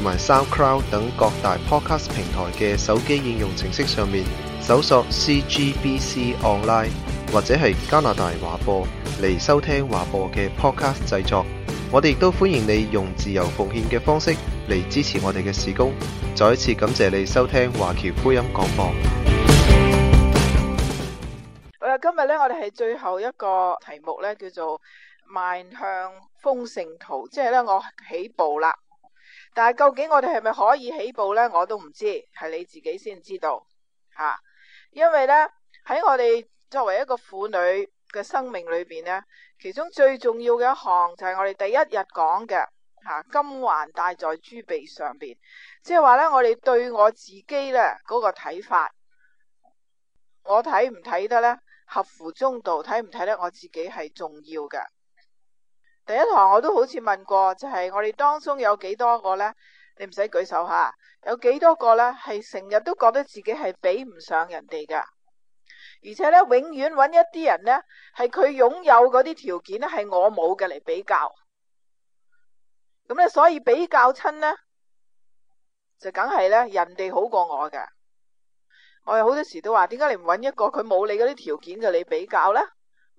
同埋 SoundCloud 等各大 Podcast 平台嘅手機應用程式，上面搜索 CGBC Online 或者係加拿大華播嚟，收聽華播嘅 Podcast 製作，我哋亦都歡迎你用自由奉獻嘅方式嚟支持我哋嘅事工。再一次感謝你收聽華僑福音廣播。今日呢，我哋係最後一個題目呢叫做《邁向豐盛途》，即係呢，我起步啦。但係究竟我哋係咪可以起步呢？我都唔知，係你自己先知道嚇、啊。因為呢，喺我哋作為一個婦女嘅生命裏邊呢，其中最重要嘅一項就係我哋第一日講嘅吓、啊、金環戴在豬鼻上邊，即係話呢，我哋對我自己呢嗰、那個睇法，我睇唔睇得呢？合乎中道，睇唔睇得我自己係重要嘅。第一堂我都好似問過，就係、是、我哋當中有幾多個呢？你唔使舉手吓，有幾多個呢？係成日都覺得自己係比唔上人哋㗎，而且呢，永遠揾一啲人呢，係佢擁有嗰啲條件呢係我冇嘅嚟比較，咁呢所以比較親呢，就梗係呢，人哋好過我嘅。我有好多時都話，點解你唔揾一個佢冇你嗰啲條件嘅你比較呢？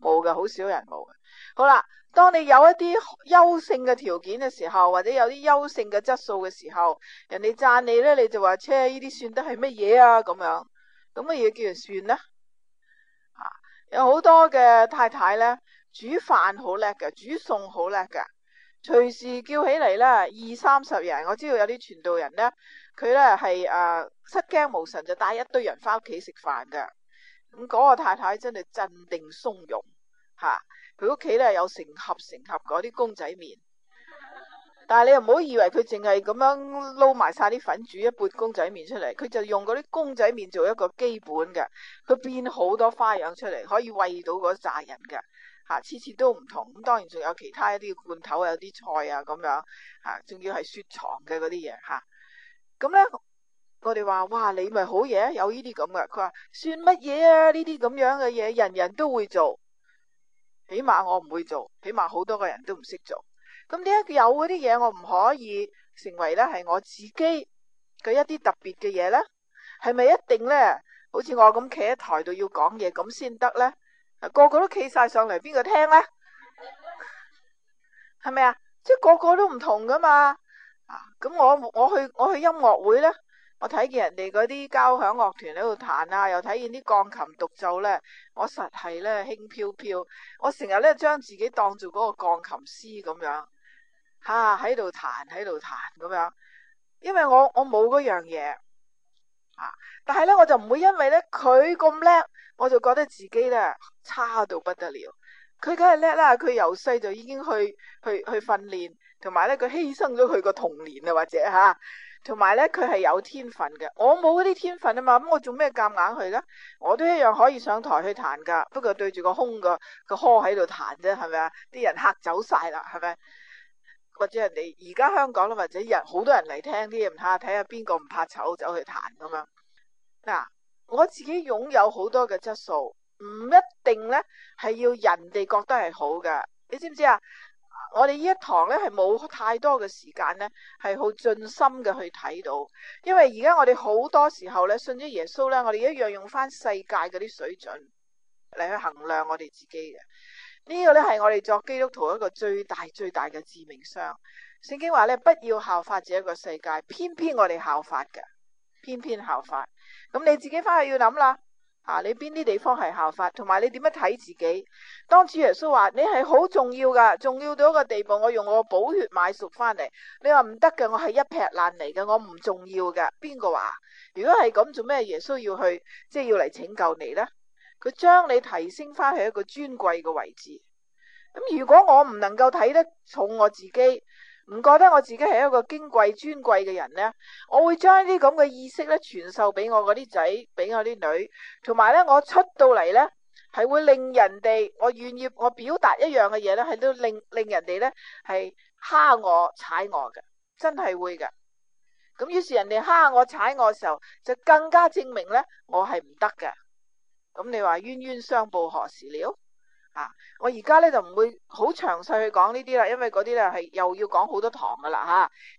冇嘅，好少人冇。好啦。當你有一啲優勝嘅條件嘅時候，或者有啲優勝嘅質素嘅時候，人哋讚你呢，你就話：車，呢啲算得係乜嘢啊？咁樣，咁嘅嘢叫人算咧、啊。有好多嘅太太呢，煮飯好叻嘅，煮餸好叻嘅，隨時叫起嚟呢，二三十人，我知道有啲傳道人呢，佢呢係啊、呃、失驚無神就帶一堆人翻屋企食飯嘅，咁、嗯、嗰、那個太太真係鎮定從容，吓、啊。佢屋企咧有成盒成盒嗰啲公仔麵，但係你又唔好以為佢淨係咁樣撈埋晒啲粉煮一煲公仔麵出嚟，佢就用嗰啲公仔麵做一個基本嘅，佢變好多花樣出嚟，可以喂到嗰扎人嘅，吓次次都唔同。咁當然仲有其他一啲罐頭啊，有啲菜啊咁樣，吓仲要係雪藏嘅嗰啲嘢吓。咁咧，我哋話：哇，你咪好嘢，有呢啲咁嘅。佢話算乜嘢啊？呢啲咁樣嘅嘢，人人都會做。起碼我唔會做，起碼好多個人都唔識做。咁點解有嗰啲嘢我唔可以成為呢？係我自己嘅一啲特別嘅嘢呢？係咪一定呢？好似我咁企喺台度要講嘢咁先得呢？個個都企晒上嚟，邊個聽呢？係咪啊？即係個個都唔同噶嘛。啊，咁我我去我去音樂會呢。我睇見人哋嗰啲交響樂團喺度彈啊，又睇見啲鋼琴獨奏咧，我實係咧，輕飄飄。我成日咧將自己當做嗰個鋼琴師咁樣，吓，喺度彈喺度彈咁樣。因為我我冇嗰樣嘢，吓，啊，但係咧我就唔會因為咧佢咁叻，我就覺得自己咧差到不得了。佢梗係叻啦，佢由細就已經去去去訓練，同埋咧佢犧牲咗佢個童年啊，或者吓。啊同埋咧，佢係有，有天分嘅，我冇嗰啲天分啊嘛，咁我做咩夾硬去呢？我都一樣可以上台去彈噶，不過對住個空個，佢呵喺度彈啫，係咪啊？啲人吓走晒啦，係咪？或者人哋而家香港啦，或者人好多人嚟聽啲嘢，吓睇下邊個唔怕醜走去彈咁樣。嗱，啊，我自己擁有好多嘅質素，唔一定呢係要人哋覺得係好噶，你知唔知啊？我哋呢一堂呢，係冇太多嘅時間呢，係好盡心嘅去睇到，因為而家我哋好多時候呢，信咗耶穌呢，我哋一樣用翻世界嗰啲水準嚟去衡量我哋自己嘅呢，這個呢，係我哋作基督徒一個最大最大嘅致命傷。聖經話呢，不要效法這一個世界，偏偏我哋效法嘅，偏偏效法。咁你自己翻去要諗啦。啊！你邊啲地方係效法，同埋你點樣睇自己？當初耶穌話你係好重要噶，重要到一個地步，我用我寶血買贖翻嚟。你話唔得噶，我係一劈爛嚟噶，我唔重要噶。邊個話？如果係咁，做咩耶穌要去即係、就是、要嚟拯救你呢？佢將你提升翻去一個尊貴嘅位置。咁如果我唔能夠睇得重我自己？唔覺得我自己係一個矜貴尊貴嘅人呢？我會將呢啲咁嘅意識咧傳授俾我嗰啲仔，俾我啲女，同埋咧我出到嚟呢，係會令人哋我願意我表達一樣嘅嘢咧，係都令令人哋呢，係蝦我踩我嘅，真係會嘅。咁於是人哋蝦我踩我嘅時候，就更加證明呢，我係唔得嘅。咁你話冤冤相報何時了？啊！我而家咧就唔會好詳細去講呢啲啦，因為嗰啲咧係又要講好多堂噶啦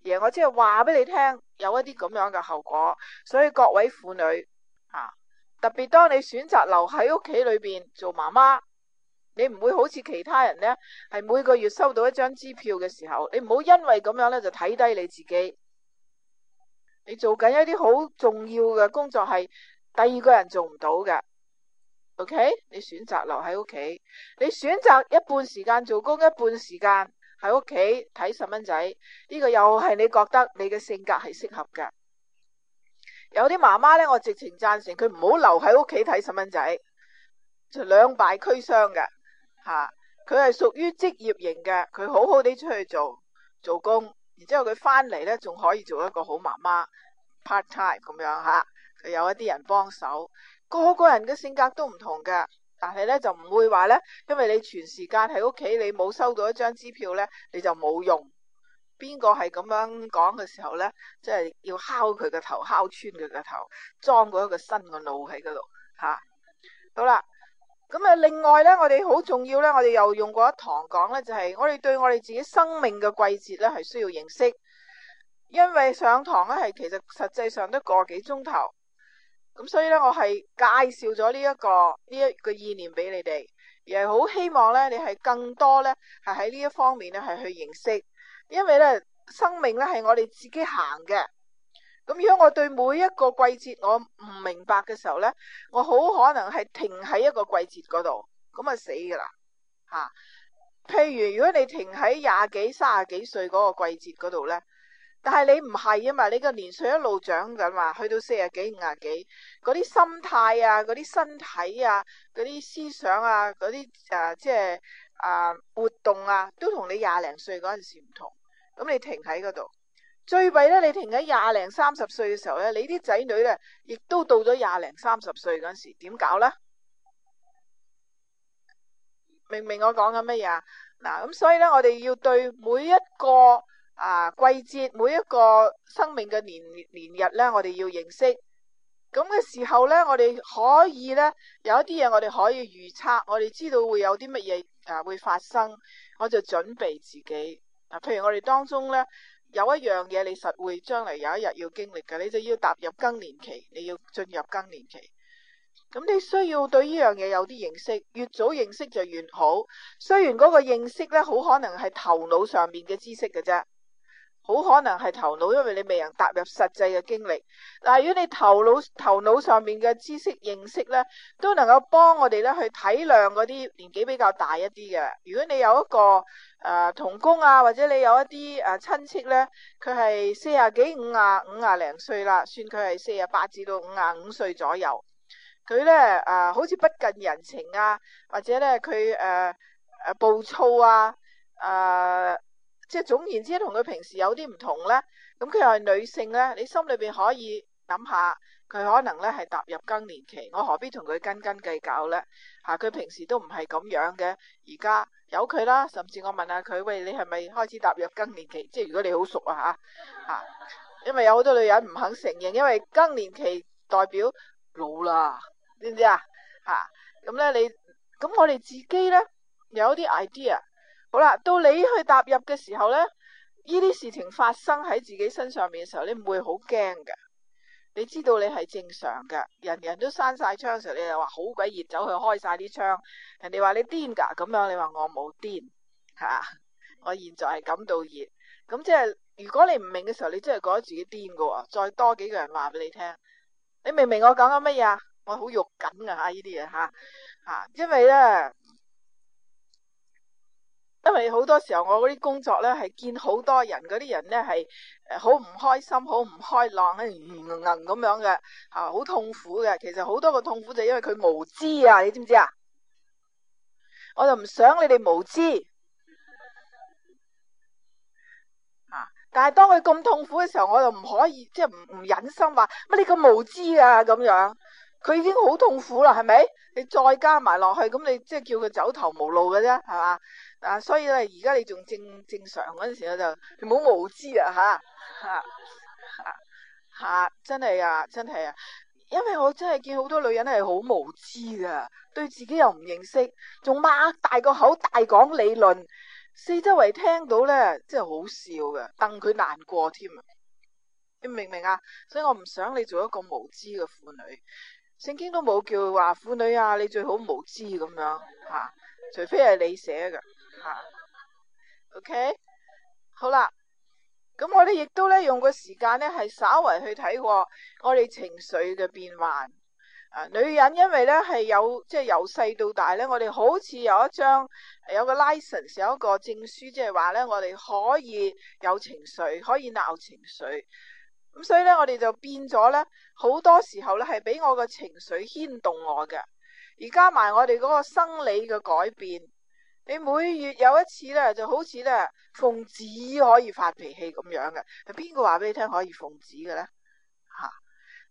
吓。而我只係話俾你聽，有一啲咁樣嘅後果。所以各位婦女啊，特別當你選擇留喺屋企裏邊做媽媽，你唔會好似其他人咧係每個月收到一張支票嘅時候，你唔好因為咁樣咧就睇低你自己。你做緊一啲好重要嘅工作，係第二個人做唔到嘅。O.K. 你選擇留喺屋企，你選擇一半時間做工，一半時間喺屋企睇細蚊仔，呢個又係你覺得你嘅性格係適合嘅。有啲媽媽呢，我直情贊成佢唔好留喺屋企睇細蚊仔，就兩敗俱傷嘅吓。佢係屬於職業型嘅，佢好好地出去做做工，然之後佢翻嚟，呢，仲可以做一個好媽媽，part time 咁樣吓，有一啲人幫手。個個人嘅性格都唔同噶，但係咧，就唔會話咧，因為你全時間喺屋企，你冇收到一張支票咧，你就冇用。邊個係咁樣講嘅時候咧，即係要敲佢個頭，敲穿佢個頭，裝過一個新嘅腦喺嗰度吓。好啦，咁啊，另外咧，我哋好重要咧，我哋又用過一堂講咧，就係我哋對我哋自己生命嘅季節咧係需要認識，因為上堂咧係其實實際上都個幾鐘頭。咁所以咧，我係介紹咗呢一個呢一個意念俾你哋，而係好希望咧，你係更多咧，係喺呢一方面咧，係去認識，因為咧，生命咧係我哋自己行嘅。咁如果我對每一個季節我唔明白嘅時候咧，我好可能係停喺一個季節嗰度，咁啊死㗎啦嚇。譬如如果你停喺廿幾、卅幾歲嗰個季節嗰度咧，但係你唔係啊嘛，你個年歲一路長緊嘛，去到四十幾、五十幾，嗰啲心態啊、嗰啲身體啊、嗰啲思想啊、嗰啲誒即係誒、呃、活動啊，都同你廿零歲嗰陣時唔同。咁你停喺嗰度，最弊咧，你停喺廿零三十歲嘅時候咧，你啲仔女咧，亦都到咗廿零三十歲嗰陣時，點搞咧？明唔明我講緊乜嘢啊？嗱，咁所以咧，我哋要對每一個。啊，季節每一個生命嘅年年日呢，我哋要認識咁嘅時候呢，我哋可以呢，有一啲嘢，我哋可以預測，我哋知道會有啲乜嘢啊會發生，我就準備自己啊。譬如我哋當中呢，有一樣嘢，你實會將來有一日要經歷嘅，你就要踏入更年期，你要進入更年期。咁你需要對呢樣嘢有啲認識，越早認識就越好。雖然嗰個認識呢，好可能係頭腦上面嘅知識嘅啫。好可能係頭腦，因為你未能踏入實際嘅經歷。但係如果你頭腦頭腦上面嘅知識認識呢，都能夠幫我哋呢去體諒嗰啲年紀比較大一啲嘅。如果你有一個誒、呃、童工啊，或者你有一啲誒、啊、親戚呢，佢係四啊幾五啊五啊零歲啦，算佢係四啊八至到五啊五歲左右。佢呢誒、呃、好似不近人情啊，或者呢佢誒誒暴躁啊，誒、呃。即係總言之，同佢平時有啲唔同咧，咁佢又係女性咧，你心裏邊可以諗下，佢可能咧係踏入更年期，我何必同佢斤斤計較咧？吓、啊，佢平時都唔係咁樣嘅，而家由佢啦。甚至我問下佢：喂，你係咪開始踏入更年期？即係如果你好熟啊嚇嚇、啊，因為有好多女人唔肯承認，因為更年期代表老啦，知唔知啊？嚇，咁咧，你，咁我哋自己咧有啲 idea。好啦，到你去踏入嘅時候呢，呢啲事情發生喺自己身上面嘅時候，你唔會好驚噶。你知道你係正常噶，人人都閂晒窗嘅時候，你就話好鬼熱，走去開晒啲窗。人哋話你癲噶，咁樣你話我冇癲吓，我現在係感到熱。咁、啊、即係如果你唔明嘅時候，你真係覺得自己癲噶。再多幾個人話俾你聽，你明唔明我講緊乜嘢啊？我好肉緊噶吓，呢啲嘢吓吓，因為呢。因為好多時候我嗰啲工作咧，係見好多人嗰啲人咧係誒好唔開心、好唔開朗、誒唔能咁樣嘅，吓、啊、好痛苦嘅。其實好多個痛苦就因為佢無知啊，你知唔知啊？我就唔想你哋無、啊就是啊、無知啊！但係當佢咁痛苦嘅時候，我又唔可以即係唔唔忍心話乜你咁無知啊咁樣。佢已經好痛苦啦，係咪？你再加埋落去，咁你即係、就是、叫佢走投無路嘅啫，係嘛？嗱、啊，所以咧，而家你仲正正常嗰陣時候，我就你唔好無知啊！吓吓吓，真係啊，真係啊，啊，因為我真係見好多女人係好無知噶，對自己又唔認識，仲擘大個口大講理論，四周圍聽到呢，真係好笑嘅，戥佢難過添啊！你明唔明啊？所以我唔想你做一個無知嘅婦女，聖經都冇叫佢話婦女啊，你最好無知咁樣吓，除非係你寫嘅。吓，OK，好啦，咁我哋亦都咧用個時間咧，係稍為去睇過我哋情緒嘅變幻。啊、呃，女人因為咧係有即係由細到大咧，我哋好似有一張有個 license，有一個證書，即係話咧我哋可以有情緒，可以鬧情緒。咁所以咧，我哋就變咗咧，好多時候咧係俾我嘅情緒牽動我嘅，而加埋我哋嗰個生理嘅改變。你每月有一次咧，就好似咧奉旨可以發脾氣咁樣嘅，係邊個話俾你聽可以奉旨嘅咧？吓、啊，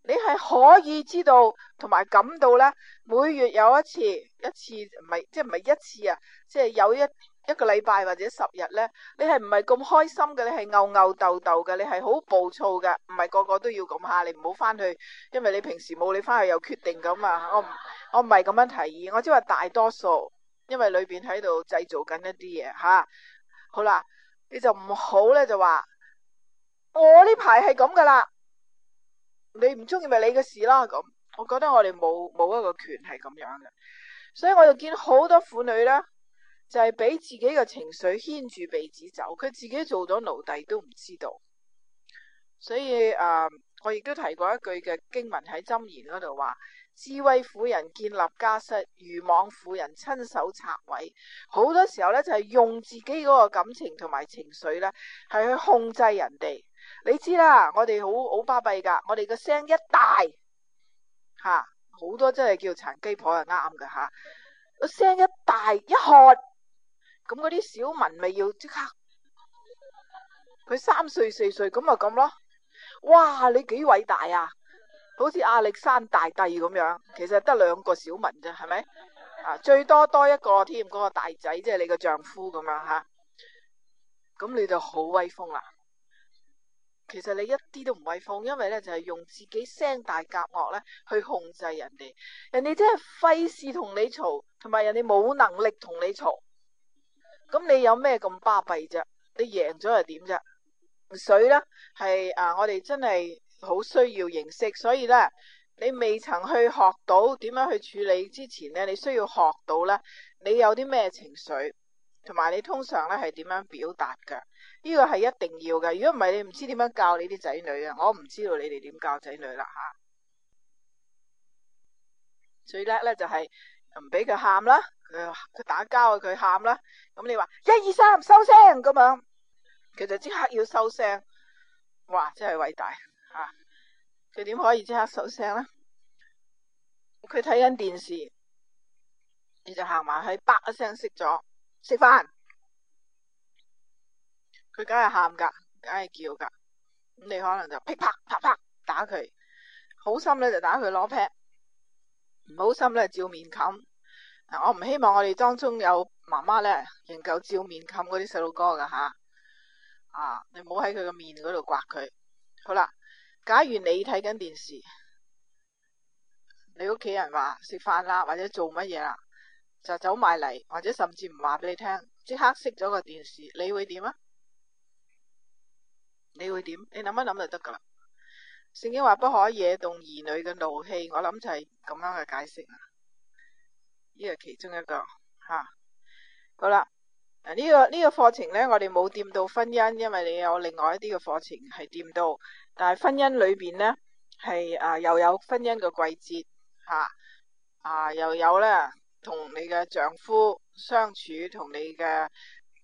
你係可以知道同埋感到咧，每月有一次，一次唔係即係唔係一次啊，即係有一一個禮拜或者十日咧，你係唔係咁開心嘅？你係吽吽斗斗嘅？你係好暴躁嘅？唔係個個都要咁吓，你唔好翻去，因為你平時冇你翻去有決定咁啊！我唔我唔係咁樣提議，我只係話大多數。因為裏邊喺度製造緊一啲嘢吓，好啦，你就唔好咧就話我呢排係咁噶啦，你唔中意咪你嘅事啦咁。我覺得我哋冇冇一個權係咁樣嘅，所以我就見好多婦女咧，就係、是、俾自己嘅情緒牽住鼻子走，佢自己做咗奴隸都唔知道。所以誒、呃，我亦都提過一句嘅經文喺箴言嗰度話。智慧婦人建立家室，愚妄婦人親手拆毀。好多時候咧就係用自己嗰個感情同埋情緒咧，係去控制人哋。你知啦，我哋好好巴閉噶，我哋個聲一大吓，好、啊、多真係叫殘基婆係啱噶吓。個、啊、聲一大一喝，咁嗰啲小民咪要即刻。佢三歲四歲咁咪咁咯。哇，你幾偉大啊！好似亞歷山大帝咁樣，其實得兩個小民啫，係咪？啊，最多多一個添，嗰、那個大仔即係、就是、你個丈夫咁啊吓，咁你就好威風啦。其實你一啲都唔威風，因為咧就係、是、用自己聲大夾惡咧去控制人哋，人哋真係費事同你嘈，同埋人哋冇能力同你嘈。咁你有咩咁巴閉啫？你贏咗又點啫？水啦，係啊，我哋真係。好需要認識，所以咧，你未曾去學到點樣去處理之前咧，你需要學到咧，你有啲咩情緒，同埋你通常咧係點樣表達㗎？呢、這個係一定要嘅。如果唔係，你唔知點樣教你啲仔女嘅。我唔知道你哋點教仔女啦嚇、啊。最叻咧就係唔俾佢喊啦，佢、呃、佢打交啊，佢喊啦。咁你話一二三收聲咁樣，佢就即刻要收聲。哇！真係偉大。佢點可以即刻收聲咧？佢睇緊電視，你就行埋去，叭一聲熄咗，食飯。佢梗係喊噶，梗係叫噶。咁你可能就噼啪啪啪啪打佢，好心咧就打佢攞劈，唔好心咧照面冚，啊。我唔希望我哋當中有媽媽咧，仍舊照面冚嗰啲細路哥噶吓。啊，你唔好喺佢個面嗰度刮佢。好啦。假如你睇緊電視，你屋企人話食飯啦，或者做乜嘢啦，就走埋嚟，或者甚至唔話俾你聽，即刻熄咗個電視，你會點啊？你會點？你諗一諗就得噶啦。聖經話不可惹動兒女嘅怒氣，我諗就係咁樣嘅解釋啦。呢個其中一個吓、啊、好啦。呢、呢個呢、呢個課程呢，我哋冇掂到婚姻，因為你有另外一啲嘅課程係掂到。但係婚姻裏邊呢，係啊，又有婚姻嘅季節吓啊，又有呢，同你嘅丈夫相處，同你嘅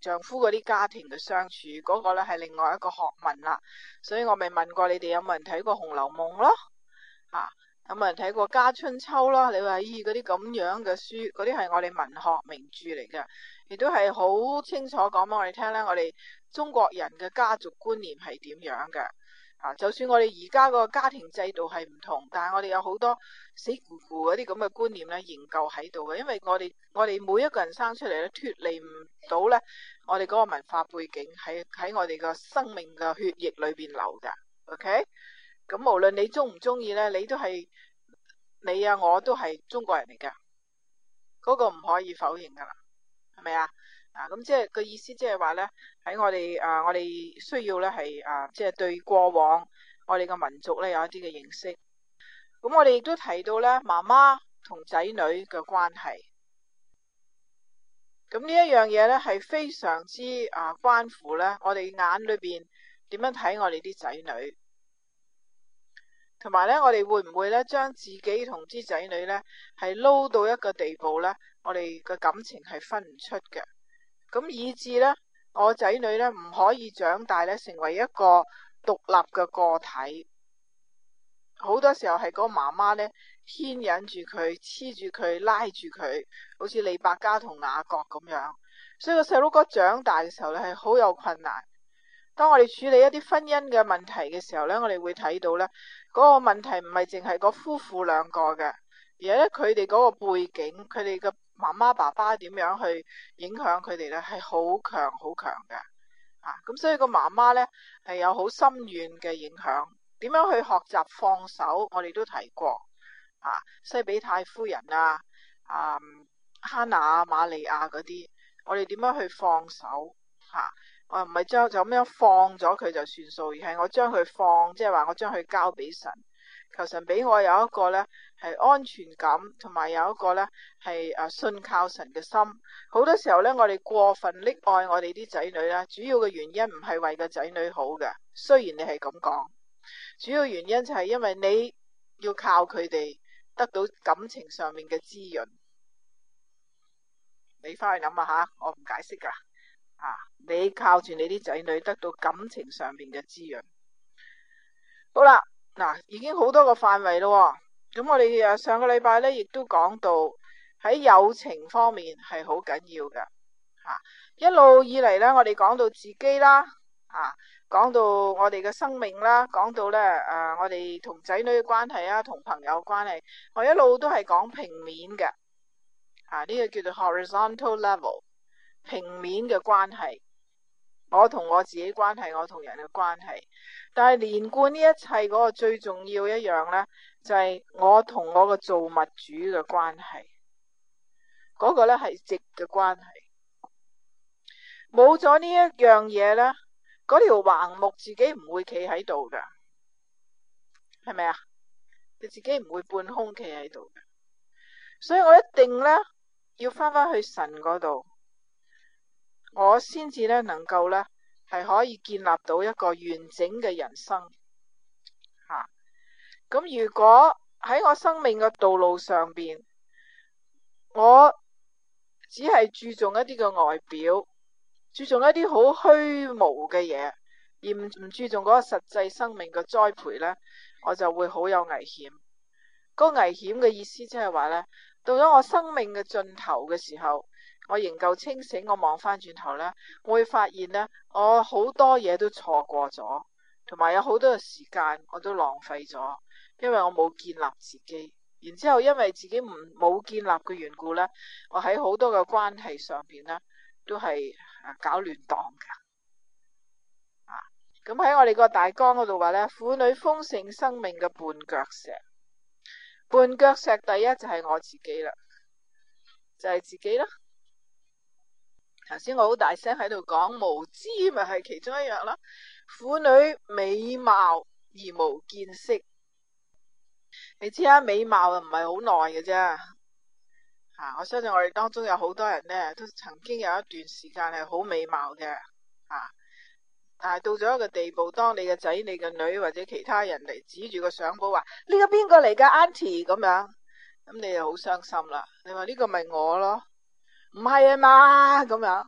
丈夫嗰啲家庭嘅相處，嗰個呢係另外一個學問啦。所以我未問過你哋有冇人睇過《紅樓夢》咯？啊，有冇人睇過《家春秋》咯？你話咦，嗰啲咁樣嘅書，嗰啲係我哋文學名著嚟嘅，亦都係好清楚講俾我哋聽呢，我哋中國人嘅家族觀念係點樣嘅。就算我哋而家個家庭制度係唔同，但係我哋有好多死固固嗰啲咁嘅觀念咧，仍舊喺度嘅。因為我哋我哋每一個人生出嚟咧，脫離唔到咧，我哋嗰個文化背景喺喺我哋個生命嘅血液裏邊流㗎。OK，咁無論你鍾唔鍾意咧，你都係你啊，我都係中國人嚟㗎，嗰、嗰個唔可以否認噶啦，係咪啊？啊，咁即係個意思即係話咧。喺我哋啊，我哋需要咧係啊，即係對過往我哋嘅民族咧有一啲嘅認識。咁我哋亦都提到咧，媽媽同仔女嘅關係。咁呢一樣嘢咧係非常之啊，關乎咧我哋眼裏邊點樣睇我哋啲仔女，同埋咧我哋會唔會咧將自己同啲仔女咧係撈到一個地步咧，我哋嘅感情係分唔出嘅，咁以至咧。我仔女咧唔可以長大咧成為一個獨立嘅個體，好多時候係嗰個媽媽咧牽引住佢、黐住佢、拉住佢，好似利百加同雅各咁樣。所以個細路哥長大嘅時候咧係好有困難。當我哋處理一啲婚姻嘅問題嘅時候咧，我哋會睇到咧嗰個問題唔係淨係個夫婦兩個嘅，而係咧佢哋嗰個背景、佢哋嘅。媽媽爸爸點樣去影響佢哋咧？係好強好強嘅，啊咁所以個媽媽咧係有好深遠嘅影響。點樣去學習放手？我哋都提過啊，西比泰夫人啊，啊哈娜啊，瑪利亞嗰啲，我哋點樣去放手？吓、啊、我唔係將就咁樣放咗佢就算數，而係我將佢放，即係話我將佢交俾神。求神俾我有一個咧係安全感，同埋有一個咧係誒信靠神嘅心。好多時候咧，我哋過分溺愛我哋啲仔女啦，主要嘅原因唔係為個仔女好嘅，雖然你係咁講，主要原因就係因為你要靠佢哋得到感情上面嘅滋潤。你翻去諗下，吓，我唔解釋噶，啊，你靠住你啲仔女得到感情上面嘅滋潤。好啦。嗱，已經好多個範圍咯，哦，咁，嗯、我哋誒上個禮拜咧，亦都講到喺友情方面係好緊要噶，吓、啊、一路以嚟咧，我哋講到自己啦，吓、啊、講到我哋嘅生命啦，講到咧誒、啊、我哋同仔女嘅關係啊，同朋友關係，我一路都係講平面嘅，吓、啊、呢、呢個叫做 horizontal level 平面嘅關係，我同我自己關係，我同人嘅關係。但係連貫呢一切嗰個最重要一樣咧，就係、是、我同我個造物主嘅關係，嗰、那個咧係直嘅關係。冇咗呢一樣嘢咧，嗰條橫木自己唔會企喺度噶，係咪啊？你自己唔會半空企喺度嘅，所以我一定咧要翻返去神嗰度，我先至咧能夠咧。係可以建立到一個完整嘅人生，吓、啊、咁。如果喺我生命嘅道路上邊，我只係注重一啲嘅外表，注重一啲好虛無嘅嘢，而唔唔注重嗰個實際生命嘅栽培呢，我就會好有危險。嗰、嗰個危險嘅意思即係話呢，到咗我生命嘅盡頭嘅時候。我仍舊清醒，我望返轉頭咧，我會發現呢，我好多嘢都錯過咗，同埋有好多嘅時間我都浪費咗，因為我冇建立自己。然之後因為自己唔冇建立嘅緣故呢，我喺好多嘅關係上邊呢，都係搞亂檔嘅啊。咁喺我哋個大綱嗰度話呢，婦女豐盛生命嘅絆腳石，絆腳石第一就係我自己啦，就係、是、自己啦。頭先我好大聲喺度講無知咪係其中一樣咯，婦女美貌而無見識，你知啦、啊，美貌啊唔係好耐嘅啫，吓，我相信我哋當中有好多人呢，都曾經有一段時間係好美貌嘅，吓、啊，但係到咗一個地步，當你嘅仔、你嘅女或者其他人嚟指住個相簿話呢 個邊個嚟噶 Auntie 咁樣，咁你又好傷心啦，你話呢、呢個咪我咯。唔係啊嘛，咁樣，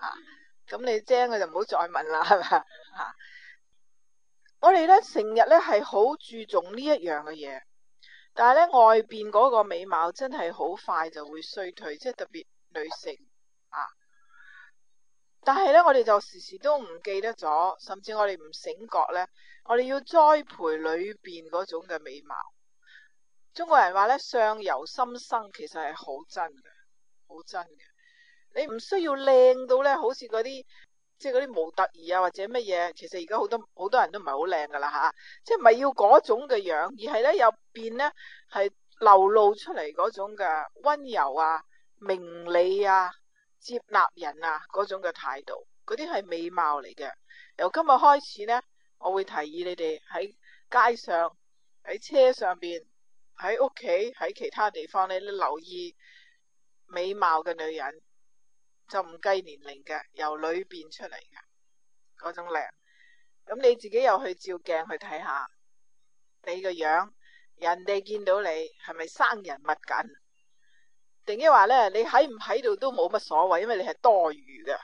吓，咁你精嘅就唔好再問啦，係咪？吓、啊，我哋咧成日咧係好注重呢一樣嘅嘢，但係咧外邊嗰個美貌真係好快就會衰退，即係特別女性啊。但係咧，我哋就時時都唔記得咗，甚至我哋唔醒覺咧，我哋要栽培裏邊嗰種嘅美貌。中國人話咧，相由心生，其實係好真嘅。好真嘅，你唔需要靚到咧，好似嗰啲即係嗰啲模特兒啊，或者乜嘢。其實而家好多好多人都唔係好靚噶啦吓，即係唔係要嗰種嘅樣，而係咧入邊咧係流露出嚟，嗰種嘅温柔啊、明理啊、接納人啊嗰種嘅態度，嗰啲係美貌嚟嘅。由今日開始咧，我會提議你哋喺街上、喺車上邊、喺屋企、喺其他地方咧，你留意。美貌嘅女人就唔計年齡嘅，由裏邊出嚟嘅嗰種靚。咁你自己又去照鏡去睇下你個樣，人哋見到你係咪生人勿近？定即係話咧，你喺唔喺度都冇乜所謂，因為你係多餘嘅。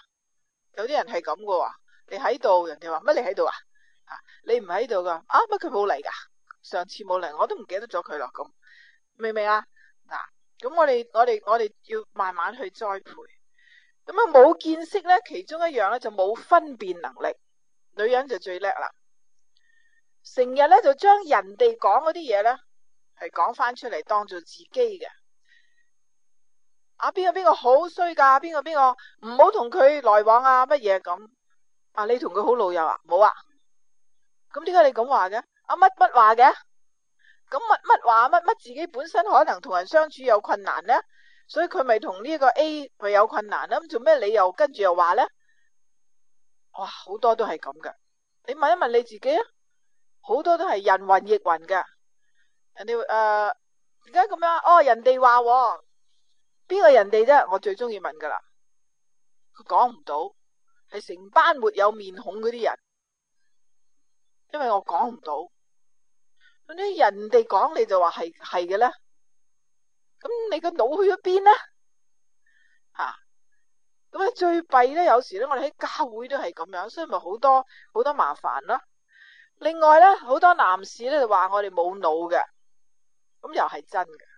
有啲人係咁嘅話，你喺度人哋話乜你喺度啊？吓，你唔喺度噶？啊乜佢冇嚟噶？上次冇嚟，我都唔記得咗佢咯。咁明唔明啊？嗱。咁我哋我哋我哋要慢慢去栽培。咁啊冇見識咧，其中一樣咧就冇分辨能力。女人就最叻啦，成日咧就將人哋講嗰啲嘢咧，係講翻出嚟當做自己嘅。啊邊個邊個好衰噶？邊個邊個唔好同佢來往啊？乜嘢咁？啊你同佢好老友啊？冇啊？咁點解你咁話嘅？啊乜乜話嘅？咁乜乜話乜乜自己本身可能同人相處有困難咧，所以佢咪同呢個 A 佢有困難咧？咁做咩你又跟住又話咧？哇，好多都係咁噶，你問一問你自己啊，好多都係人云亦云噶。人哋誒而家咁樣哦，人哋話喎，邊個人哋啫，我最中意問噶啦，佢講唔到，係成班沒有面孔嗰啲人，因為我講唔到。啲人哋講你就話係係嘅咧，咁你個腦去咗邊咧？吓、啊，咁啊最弊咧，有時咧我哋喺教會都係咁樣，所以咪好多好多麻煩咯。另外咧，好多男士咧就話我哋冇腦嘅，咁又係真嘅。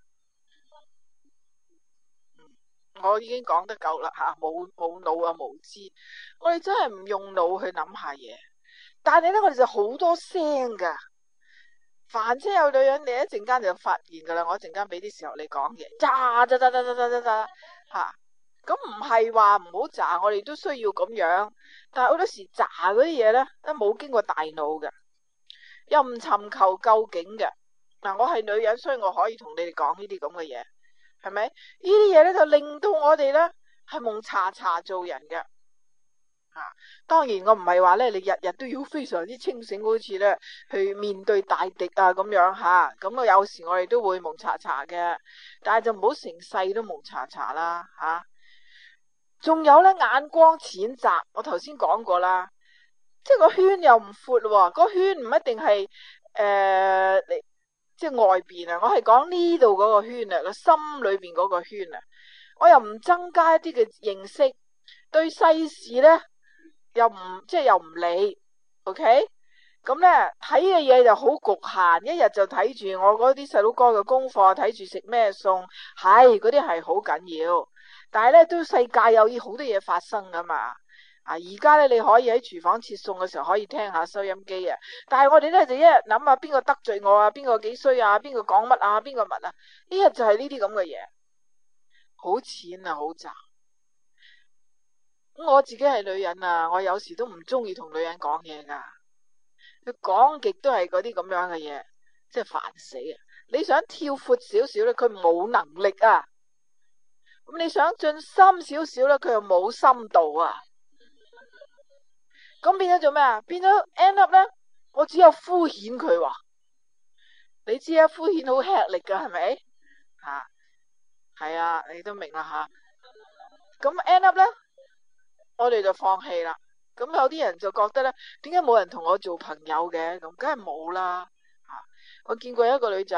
我已經講得夠啦，吓冇冇腦啊無、啊、知，我哋真係唔用腦去諗下嘢，但係咧我哋就好多聲噶。凡車有女人，你一陣間就發現噶啦。我一陣間俾啲時候你講嘢，炸炸炸炸炸炸炸吓咁，唔係話唔好炸，嗯 background, 我哋都需要咁樣。但係好多時炸嗰啲嘢咧都冇經過大腦嘅，又唔尋求究竟嘅嗱。我係女人，所以我可以同你哋講呢啲咁嘅嘢，係咪？呢啲嘢咧就令到我哋咧係蒙查查做人嘅。啊，當然我唔係話咧，你日日都要非常之清醒，好似咧去面對大敵啊咁樣吓。咁、啊、我有時我哋都會蒙查查嘅，但係就唔好成世都蒙查查啦吓。仲、啊、有咧眼光淺窄，我頭先講過啦，即係個圈又唔闊喎、啊，個圈唔一定係誒、呃，你、即係外邊啊，我係講呢度嗰個圈啊，個心裏邊嗰個圈啊，我又唔增加一啲嘅認識，對世事咧。又唔即係又唔理，OK？咁咧睇嘅嘢就好局限，一日就睇住我嗰啲細佬哥嘅功課，睇住食咩餸。唉，嗰啲係好緊要。但係咧都世界有好多嘢發生噶嘛，啊！而家咧你可以喺廚房切餸嘅時候可以聽下收音機啊。但係我哋咧就一日諗下邊個得罪我啊，邊個幾衰啊，邊個講乜啊，邊個乜啊？呢日就係呢啲咁嘅嘢，好淺啊，好窄。咁我自己係女人啊，我有時都唔中意同女人講嘢噶。佢講極都係嗰啲咁樣嘅嘢，真係煩死啊！你想跳闊少少咧，佢冇能力啊。咁你想進深少少咧，佢又冇深度啊。咁變咗做咩啊？變咗 end up 咧，我只有敷衍佢話。你知啊，敷衍好吃力噶，係咪？吓、啊，係啊，你都明啦吓。咁 end up 咧？我哋就放棄啦。咁、嗯、有啲人就覺得咧，點解冇人同我做朋友嘅？咁梗係冇啦。我見過一個女仔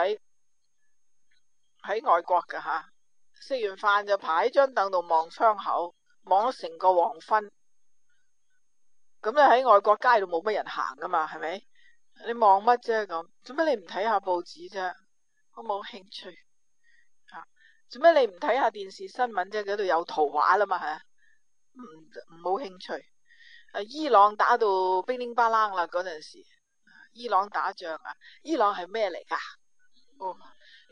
喺外國噶吓，食完飯就排喺張凳度望窗口，望咗成個黃昏。咁你喺外國街度冇乜人行噶嘛？係咪？你望乜啫？咁做咩你唔睇下報紙啫？我冇興趣。做、啊、咩你唔睇下電視新聞啫？嗰度有圖畫啦嘛？係啊。唔唔冇興趣啊！伊朗打到兵丁巴楞啦，嗰陣時伊朗打仗啊，伊朗係咩嚟噶？哦，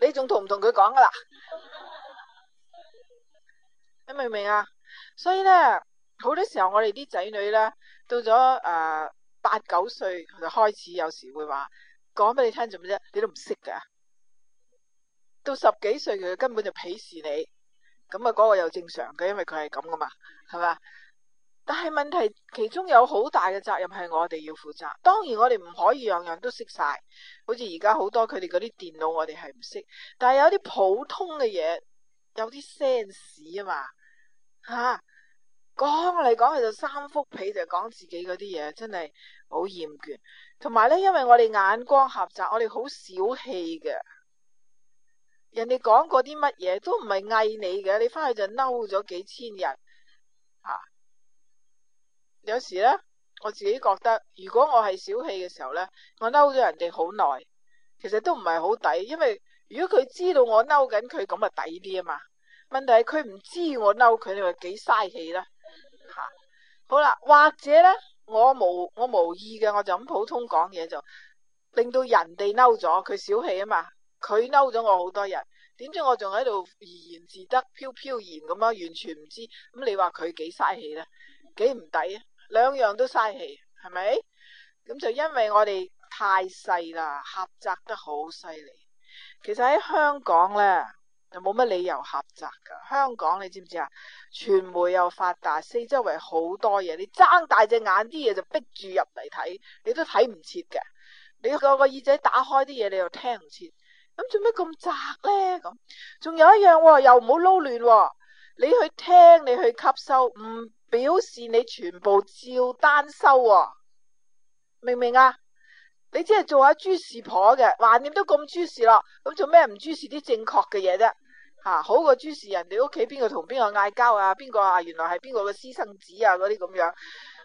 你仲同唔同佢講噶啦？ 你明唔明啊？所以咧，好多時候我哋啲仔女咧，到咗誒八九歲佢就開始，有時會話講俾你聽做咩啫？你都唔識噶。到十幾歲佢根本就鄙視你咁啊，嗰個又正常嘅，因為佢係咁噶嘛。係嘛？但係問題，其中有好大嘅責任係我哋要負責。當然，我哋唔可以樣樣都識晒。好似而家好多佢哋嗰啲電腦，我哋係唔識。但係有啲普通嘅嘢，有啲 sense 啊嘛。吓，講嚟講去就三幅被，就講、係自己嗰啲嘢，真係好厭倦。同埋咧，因為我哋眼光狹窄，我哋好小氣嘅。人哋講過啲乜嘢都唔係嗌你嘅，你翻去就嬲咗幾千人。有時咧，我自己覺得，如果我係小氣嘅時候咧，我嬲咗人哋好耐，其實都唔係好抵，因為如果佢知道我嬲緊佢，咁啊抵啲啊嘛。問題係佢唔知我嬲佢，你話幾嘥氣啦？吓、啊，好啦，或者咧，我無我無意嘅，我就咁普通講嘢就令到人哋嬲咗，佢小氣啊嘛，佢嬲咗我好多日，點知我仲喺度怡然自得、飄飄然咁樣，完全唔知，咁你話佢幾嘥氣咧？幾唔抵啊？兩樣都嘥氣，係咪？咁就因為我哋太細啦，狹窄得好犀利。其實喺香港呢，就冇乜理由狹窄噶。香港你知唔知啊？傳媒又發達，四周圍好多嘢，你睜大隻眼啲嘢就逼住入嚟睇，你都睇唔切嘅。你個個耳仔打開啲嘢，你又聽唔切。咁做咩咁窄呢？咁仲有一樣，喎、又唔好撈亂、喎。你去聽，你去吸收，唔、嗯。表示你全部照單收喎、哦，明唔明啊？你只係做下諸事婆嘅，橫掂都咁諸事咯，咁做咩唔諸事啲正確嘅嘢啫？吓、啊，好過諸事人哋屋企邊個同邊個嗌交啊？邊個啊？原來係邊個嘅私生子啊？嗰啲咁樣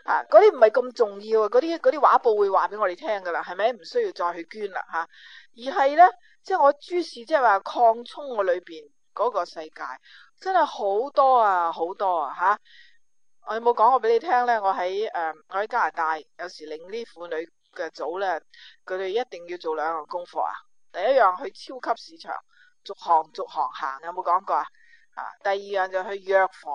啊？嗰啲唔係咁重要啊？嗰啲嗰啲畫報會話俾我哋聽噶啦，係咪？唔需要再去捐啦吓、啊，而係咧，即係我諸事，即係話擴充我裏邊嗰個世界，真係好多啊，好多啊，吓、啊！我有冇講過俾你聽咧？我喺誒、呃，我喺加拿大，有時領啲婦女嘅組咧，佢哋一定要做兩樣功課啊。第一樣去超級市場逐行逐行行，有冇講過啊？啊，第二樣就去藥房，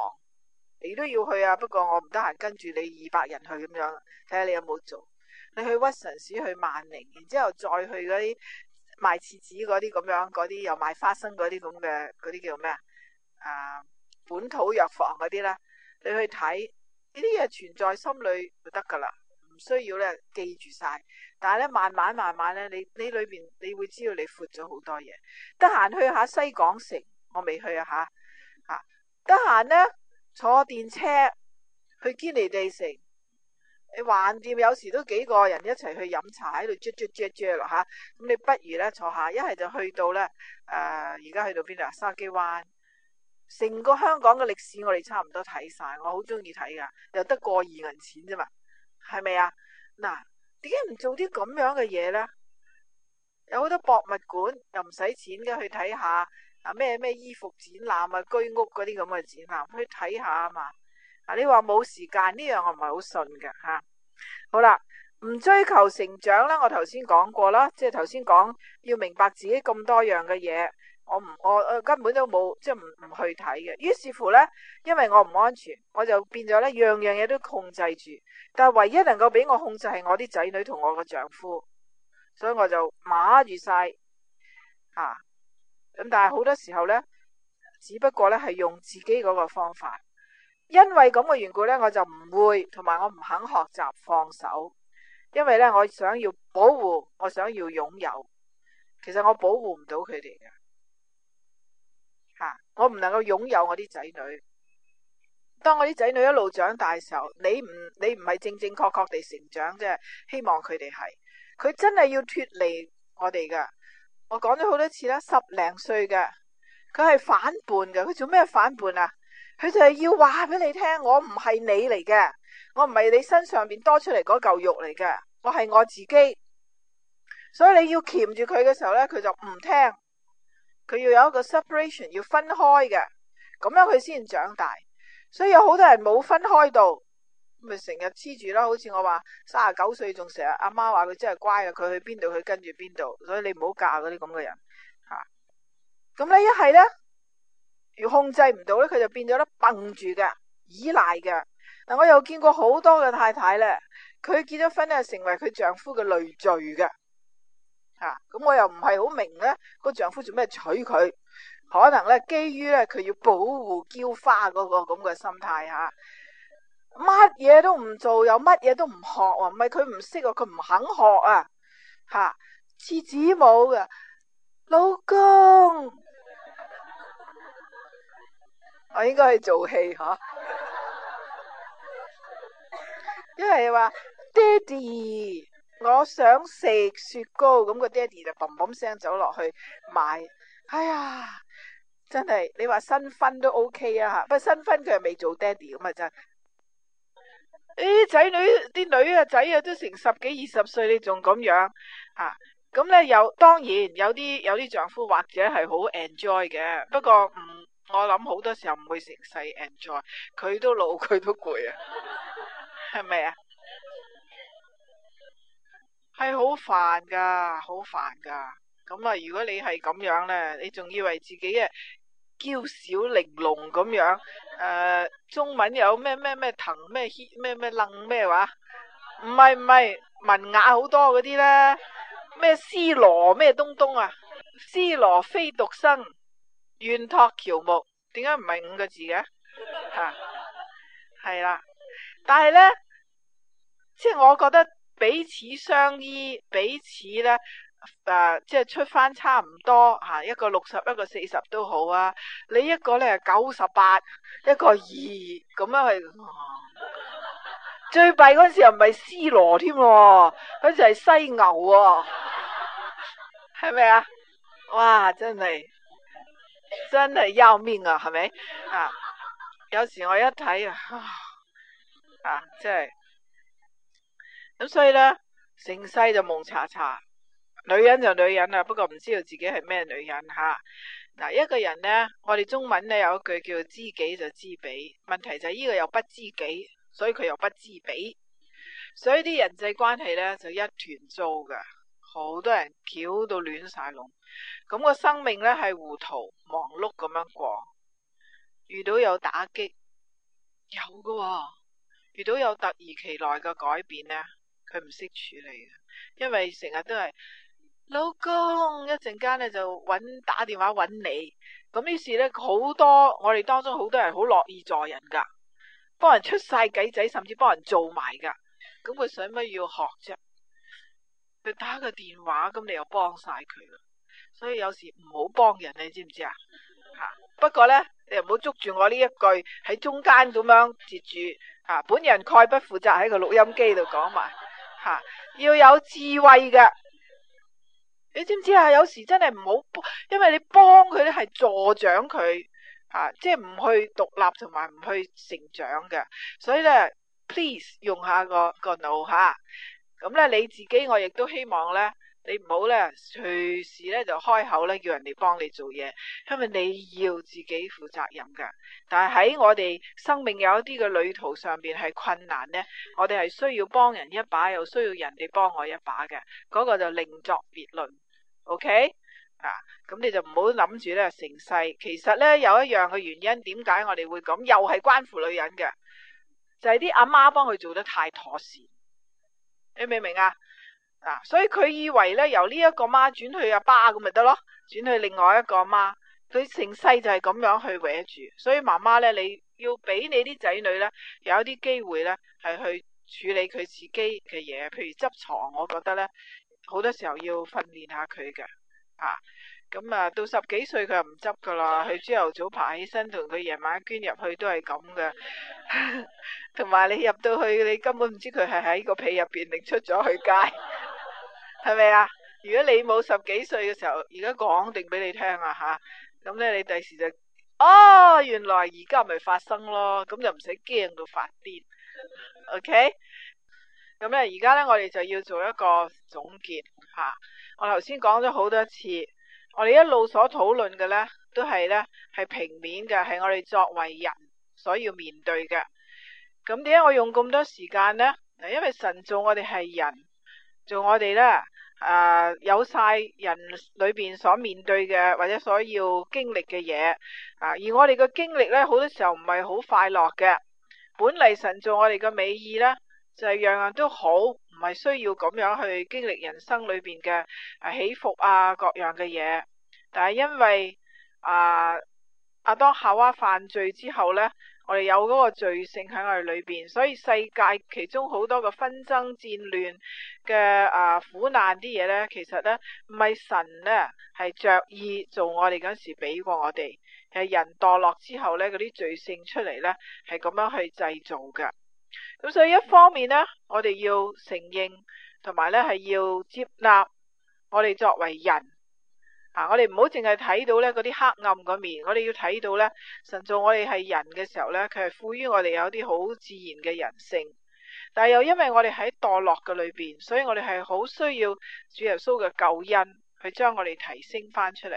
你都要去啊。不過我唔得閒跟住你二百人去咁樣，睇下你有冇做。你去屈臣氏、去萬寧，然之後再去嗰啲賣廁紙嗰啲咁樣，嗰啲又賣花生嗰啲咁嘅，嗰啲叫咩啊？啊，本土藥房嗰啲啦。你去睇呢啲嘢存在心裏就得㗎喇，唔需要咧記住晒。但係咧，慢慢慢慢咧，你你裏邊你會知道你闊咗好多嘢。得閒去下西港城，我未去啊吓吓。得閒咧坐電車去堅尼地城，你橫掂有時都幾個人一齊去飲茶喺度啜啜啜啜咯吓。咁你不如咧坐下一係就去到咧誒，呃，而家去到邊度啊？筲箕灣。成個香港嘅歷史我哋差唔多睇晒，我好中意睇噶，又得過二銀錢啫嘛，係咪啊？嗱，點解唔做啲咁樣嘅嘢呢？有好多博物館又唔使錢嘅，去睇下啊咩咩衣服展覽啊，居屋嗰啲咁嘅展覽去睇下啊嘛。啊，你話冇時間呢樣我唔係好信嘅吓。好啦，唔追求成長啦，我頭先講過啦，即係頭先講要明白自己咁多樣嘅嘢。我唔，我根本都冇，即係唔唔去睇嘅。於是乎呢，因為我唔安全，我就變咗呢樣樣嘢都控制住。但係唯一能夠俾我控制係我啲仔女同我個丈夫，所以我就碼住晒吓咁。但係好多時候呢，只不過呢係用自己嗰個方法，因為咁嘅緣故呢，我就唔會同埋我唔肯學習放手，因為呢，我想要保護，我想要擁有，其實我保護唔到佢哋嘅。我唔能夠擁有我啲仔女。當我啲仔女一路長大嘅時候，你唔，你唔係正正確確地成長啫。希望佢哋係佢真係要脫離我哋噶。我講咗好多次啦，十零歲嘅佢係反叛嘅，佢做咩反叛啊？佢就係要話俾你聽，我唔係你嚟嘅，我唔係你身上邊多出嚟嗰嚿肉嚟嘅，我係我自己。所以你要鉗住佢嘅時候呢，佢就唔聽。佢要有一個 separation，要分開嘅，咁樣佢先長大。所以有好多人冇分開到，咪成日黐住咯。好似我話三十九歲仲成日阿媽話佢真係乖呀，佢去邊度佢跟住邊度。所以你唔好嫁嗰啲咁嘅人吓。咁咧一係呢，如控制唔到呢，佢就變咗咧，崩住嘅，依賴嘅。嗱，我又見過好多嘅太太呢，佢結咗婚咧，成為佢丈夫嘅累贅嘅。啊，咁我又唔係好明咧，個丈夫做咩娶佢？可能咧基於咧佢要保護嬌花嗰個咁嘅心態吓，乜、啊、嘢都唔做又乜嘢都唔學喎，唔係佢唔識喎，佢唔肯學啊，吓、啊，似、啊、子、子母嘅老公，我應該去做戲吓，因為話爹哋。 我想食雪糕，咁、那個爹哋就砰砰聲走落去買。哎呀，真係你話新婚都 OK 啊吓，不過新婚佢係未做爹哋咁啊真。誒仔、欸、女啲女啊仔啊都成十幾二十歲，你仲咁樣啊？咁咧有當然有啲有啲丈夫或者係好 enjoy 嘅，不過唔、嗯、我諗好多時候唔會成世 enjoy，佢都老佢都攰啊，係咪啊？係好煩噶，好煩噶。咁啊，如果你係咁樣咧，你仲以為自己誒嬌小玲瓏咁樣？誒、呃，中文有咩咩咩藤咩咩咩楞咩話？唔係唔係，文雅好多嗰啲咧。咩絲蘿咩東東啊？絲蘿非獨生，願託喬木。點解唔係五個字嘅？吓、啊，係啦。但係咧，即係我覺得。彼此相依，彼此咧，誒、呃，即係出翻差唔多吓，一個六十，一個四十都好啊。你一個咧九十八，一個二，咁樣係最弊，嗰時又唔係 C 羅添喎，嗰時係犀牛喎、啊，係咪啊？哇，真係真係要命啊，係咪啊？有時我一睇啊，啊，即係。咁所以咧，成世就蒙查查，女人就女人啦。不過唔知道自己係咩女人吓。嗱，一個人呢，我哋中文咧有一句叫做知己就知彼，問題就係呢個又不知己，所以佢又不知彼，所以啲人際關係呢，就一團糟噶，好多人橋到亂晒龍。咁個生命呢，係糊塗忙碌咁樣過，遇到有打擊，有噶、哦，遇到有突如其來嘅改變呢。佢唔識處理，因為成日都係老公一陣間咧就搵打電話搵你咁。於是咧，好多我哋當中好多人好樂意助人噶，幫人出晒計仔，甚至幫人做埋噶。咁佢使乜要學啫？佢打個電話，咁你又幫晒佢，所以有時唔好幫人，你知唔知啊？吓，不過咧你又唔好捉住我呢一句喺中間咁樣截住啊！本人概不負責喺個錄音機度講埋。吓，要有智慧嘅，你知唔知啊？有時真係唔好幫，因為你幫佢咧係助長佢，啊，即係唔去獨立同埋唔去成長嘅，所以咧，please 用下、個個腦吓，咁咧你自己，我亦都希望咧。你唔好咧，隨時咧就開口咧，叫人哋幫你做嘢，因為你要自己負責任㗎。但係喺我哋生命有一啲嘅旅途上邊係困難呢，我哋係需要幫人一把，又需要人哋幫我一把嘅。嗰個就另作別論。OK 啊，咁你就唔好諗住咧成世。其實咧有一樣嘅原因，點解我哋會咁？又係關乎女人嘅，就係啲阿媽幫佢做得太妥善。你明唔明啊？啊，所以佢以為咧，由呢一個媽媽轉去阿爸咁咪得咯，轉去另外一個媽媽，佢成世就係咁樣去搲住。所以媽媽咧，你要俾你啲仔女咧，有一啲機會咧係去處理佢自己嘅嘢，譬如執床，我覺得咧好多時候要訓練下佢嘅。啊，咁啊，到十幾歲佢又唔執噶啦，佢朝頭早爬起身同佢夜晚捐入去都係咁嘅。同埋你入到去，你根本唔知佢係喺個被入邊定出咗去街。係咪啊？如果你冇十幾歲嘅時候，而家講定俾你聽啊吓，咁咧你第時就哦，原來而家咪發生咯，咁就唔使驚到發癲。OK，咁咧而家咧我哋就要做一個總結吓，啊。我頭先講咗好多次，我哋一路所討論嘅咧，都係咧係平面嘅，係我哋作為人所要面對嘅。咁點解我用咁多時間呢？嗱，因為神做我哋係人，做我哋咧。啊，有晒人裏邊所面對嘅或者所要經歷嘅嘢啊，而我哋嘅經歷呢，好多時候唔係好快樂嘅。本嚟神做我哋嘅美意呢，就係、是、樣樣都好，唔係需要咁樣去經歷人生裏邊嘅、啊、起伏啊各樣嘅嘢。但係因為啊，阿當夏娃犯罪之後呢。我哋有嗰個罪性喺我哋裏邊，所以世界其中好多嘅紛爭、戰亂嘅啊、呃、苦難啲嘢呢，其實呢唔係神呢係着意做我哋嗰時俾過我哋，係人墮落之後呢嗰啲罪性出嚟呢係咁樣去製造嘅。咁所以一方面呢，我哋要承認，同埋呢係要接納我哋作為人。啊！我哋唔好淨係睇到咧嗰啲黑暗嗰面，我哋要睇到咧神造我哋係人嘅時候咧，佢係賦予我哋有啲好自然嘅人性。但係又因為我哋喺墮落嘅裏邊，所以我哋係好需要主耶穌嘅救恩去將我哋提升翻出嚟。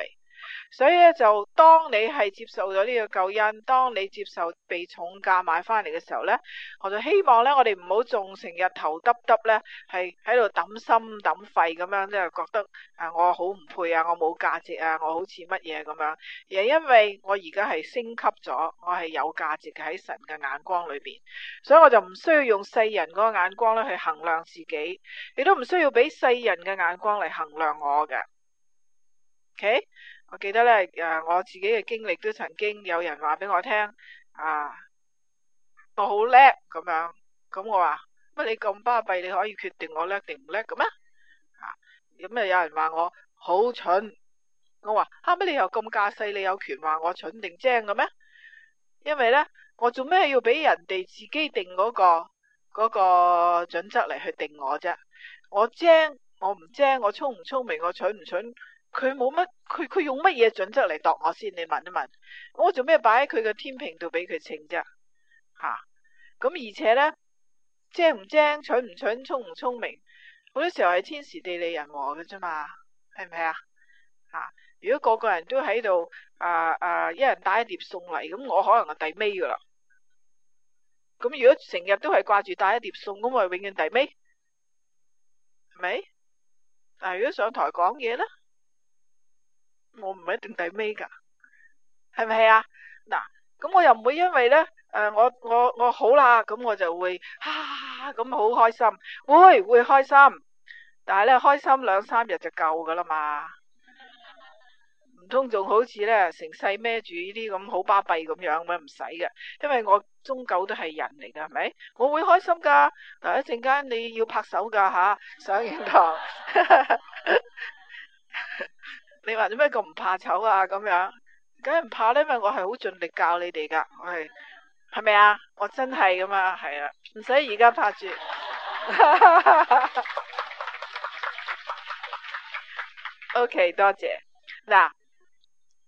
所以咧，就當你係接受咗呢個救恩，當你接受被重價買翻嚟嘅時候咧，我就希望咧，我哋唔好仲成日頭耷耷咧，係喺度揼心揼肺咁樣，即係覺得啊，我好唔配啊，我冇價值啊，我好似乜嘢咁樣。而係因為我而家係升級咗，我係有價值嘅喺神嘅眼光裏邊，所以我就唔需要用世人嗰個眼光咧去衡量自己，亦都唔需要俾世人嘅眼光嚟衡量我嘅。ok。我記得咧，誒，我自己嘅經歷都曾經有人話俾我聽，啊，我好叻咁樣，咁我話乜你咁巴閉？你可以決定我叻定唔叻嘅咩？啊，咁又有人話我好蠢，我話怕乜？你又咁架勢，你有權話我蠢定精嘅咩？因為咧，我做咩要俾人哋自己定嗰個嗰個準則嚟去定我啫？我精，我唔精，我聰唔聰明，我蠢唔蠢？佢冇乜，佢佢用乜嘢準則嚟度我先？你問一問，我做咩擺喺佢嘅天平度俾佢稱啫？嚇、啊！咁而且咧，精唔精、蠢唔蠢、聰唔聰明，好多時候係天時地利人和嘅啫嘛，係咪啊？嚇、啊！如果個個人都喺度啊啊，一人帶一碟餸嚟，咁我可能係第尾噶啦。咁如果成日都係掛住帶一碟餸，咁我永遠第尾，係咪？但、啊、係如果上台講嘢咧？我唔係一定抵尾噶，係咪啊？嗱、啊，咁我又唔會因為呢，誒、呃，我我我好啦，咁我就會咁好、啊、開心，會會開心，但係咧開心兩三日就夠噶啦嘛，唔通仲好似呢，成世孭住呢啲咁好巴閉咁樣咩？唔使嘅，因為我終究都係人嚟噶，係咪？我會開心噶，嗱一陣間你要拍手噶吓、啊，上完堂。 你話做咩咁唔怕醜啊？咁樣梗係唔怕呢？因為我係好盡力教你哋噶，係係咪啊？我真係咁嘛，係啊，唔使而家拍住 ，OK，多謝嗱。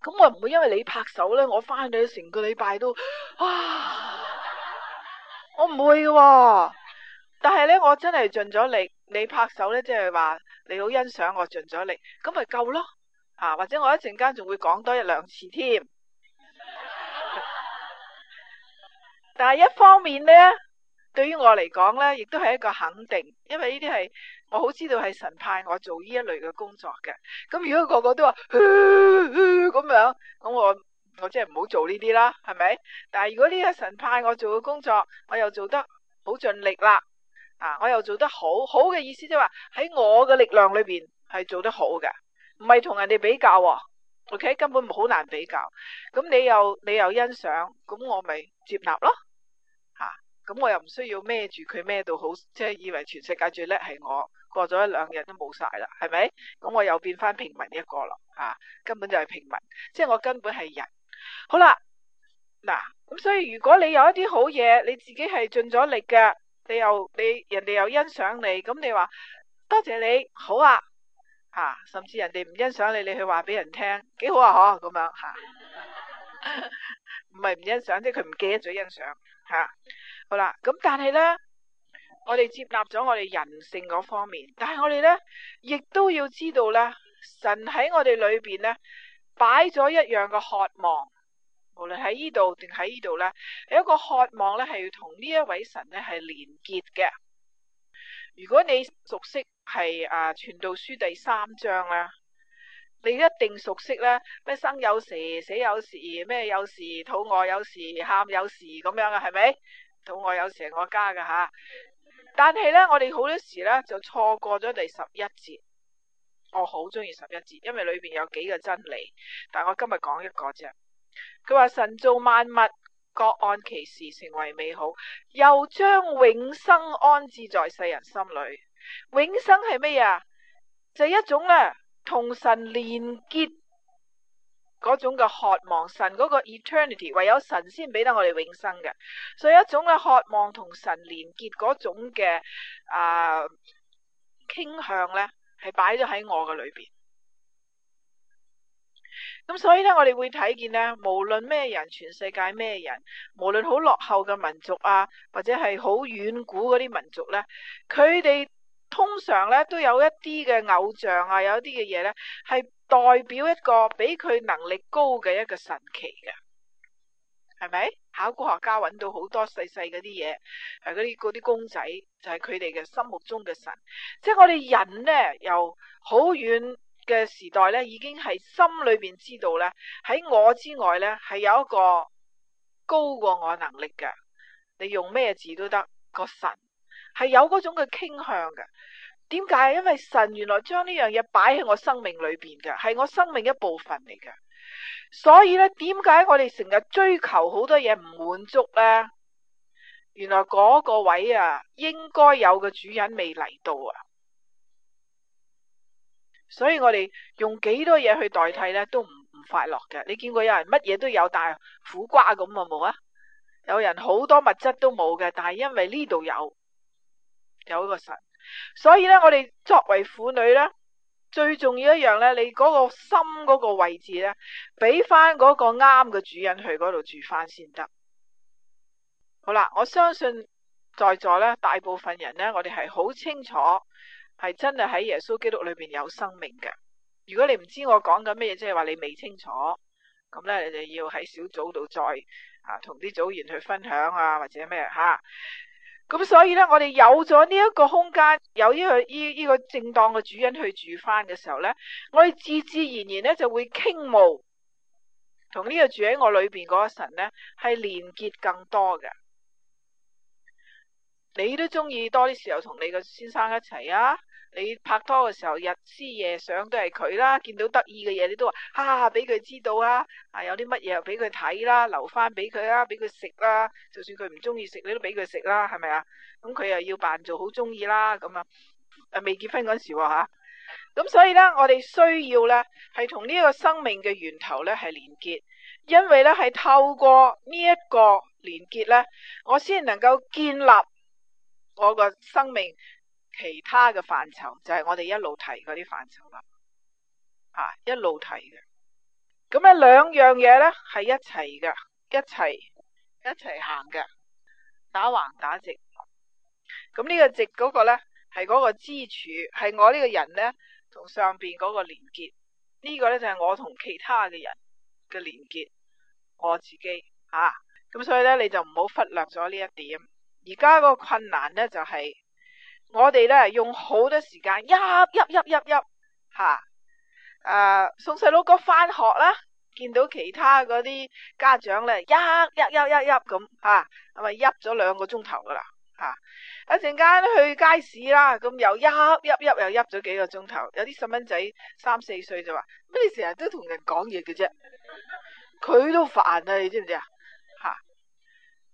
咁我唔會因為你拍手咧，我翻去咗成個禮拜都，啊，我唔會嘅、啊，但係咧我真係盡咗力。你拍手咧，即係話你好欣賞我盡咗力，咁咪夠咯。啊，或者我一陣間仲會講多一兩次添， 但係一方面呢，對於我嚟講呢，亦都係一個肯定，因為呢啲係我好知道係神派我做呢一類嘅工作嘅。咁如果個個都話呃呃呃、咁樣，咁我我即係唔好做呢啲啦，係咪？但係如果呢個神派我做嘅工作，我又做得好盡力啦，啊，我又做得好好嘅意思，即係話喺我嘅力量裏邊係做得好嘅。唔係同人哋比較喎、啊，OK，根本唔好難比較。咁你又你又欣賞，咁我咪接納咯，吓、啊。咁我又唔需要孭住佢孭到好，即係以為全世界最叻係我。過咗一兩日都冇晒啦，係咪？咁我又變翻平民一個啦，吓、啊。根本就係平民，即係我根本係人。好啦，嗱，咁所以如果你有一啲好嘢，你自己係盡咗力嘅，你又你人哋又欣賞你，咁你話多謝你，好啊。吓、啊，甚至人哋唔欣賞你，你去話俾人聽，幾好啊嗬？咁樣吓，唔係唔欣賞，即係佢唔記得咗欣賞吓、啊。好啦，咁但係咧，我哋接納咗我哋人性嗰方面，但係我哋咧，亦都要知道咧，神喺我哋裏邊咧，擺咗一樣嘅渴望，無論喺呢度定喺呢度咧，有一個渴望咧係要同呢一位神咧係連結嘅。如果你熟悉。係啊，傳道書第三章啦，你一定熟悉咧。咩生有時，死有時；咩有時肚餓，有時喊，有時咁樣嘅，係咪？肚餓有時係我家噶吓。但係咧，我哋好多時咧就錯過咗第十一節。我好中意十一節，因為裡邊有幾個真理。但我今日講一個啫。佢話神造萬物，各按其時成為美好，又將永生安置在世人心裡。永生係咩呀？就是，一種咧，同神連結嗰種嘅渴望，神嗰個 eternity，唯有神先俾得我哋永生嘅。所以一種咧，渴望同神連結嗰種嘅啊、呃、傾向咧，係擺咗喺我嘅裏邊。咁所以咧，我哋會睇見咧，無論咩人，全世界咩人，無論好落後嘅民族啊，或者係好遠古嗰啲民族咧，佢哋。通常咧都有一啲嘅偶像啊，有一啲嘅嘢咧係代表一個比佢能力高嘅一個神奇嘅。係咪考古學家揾到好多細細啲嘢，係啲啲公仔就係佢哋嘅心目中嘅神。即係我哋人咧，由好遠嘅時代咧，已經係心裏邊知道咧，喺我之外咧係有一個高過我能力嘅，你用咩字都得個神。係有嗰種嘅傾向嘅，點解？因為神原來將呢樣嘢擺喺我生命裏面嘅，係我生命一部分嚟嘅。所以咧，點解我哋成日追求好多嘢唔滿足咧？原來嗰個位啊，應該有嘅主人未嚟到啊，所以我哋用幾多嘢去代替咧，都唔唔快樂嘅。你見過有人乜嘢都有，但苦瓜咁啊冇啊？有人好多物質都冇嘅，但係因為呢度有。有一個神，所以咧，我哋作為婦女咧，最重要一樣咧，你嗰個心嗰個位置咧，俾翻嗰個啱嘅主人去嗰度住翻先得。好啦，我相信在座咧，大部分人咧，我哋係好清楚，係真係喺耶穌基督裏邊有生命嘅。如果你唔知我講緊咩嘢，即係話你未清楚，咁咧你就要喺小組度再啊同啲組員去分享啊，或者咩吓？啊咁所以咧，我哋有咗呢一個空間，有呢個呢呢個正當嘅主人去住翻嘅時候咧，我哋自自然然咧就會傾慕，同呢個住喺我裏邊嗰個神咧係連結更多嘅。你都中意多啲時候同你嘅先生一齊啊？你拍拖嘅時候，日思夜想都係佢啦。見到得意嘅嘢，你都話，哈、啊，哈，俾佢知道啊！啊，有啲乜嘢俾佢睇啦，留翻俾佢啦，俾佢食啦。就算佢唔中意食，你都俾佢食啦，係咪啊？咁佢又要扮做好中意啦，咁、嗯、啊。誒，未結婚嗰時吓，咁所以咧，我哋需要咧，係同呢一個生命嘅源頭咧係連結，因為咧係透過呢一個連結咧，我先能夠建立我個生命。其他嘅範疇就係我哋一路提嗰啲範疇啦，啊，一路提嘅。咁咧兩樣嘢咧係一齊嘅，一齊一齊行嘅，打橫打直。咁呢個直嗰個咧係嗰個支柱，係我呢個人咧同上邊嗰個連結。呢個咧就係我同其他嘅人嘅連結。我自己吓，咁所以咧你就唔好忽略咗呢一點。而家個困難咧就係。我哋咧用好多時間，喐一、一、一、一。吓，誒送細佬哥返學啦，見到其他嗰啲家長咧，喐一、一、一、一咁吓，咁啊喐咗兩個鐘頭噶啦吓，一陣間去街市啦，咁又一、喐一、喐又喐咗幾個鐘頭，有啲細蚊仔三四歲就話，乜你成日都同人講嘢嘅啫，佢都煩啊，你知唔知啊？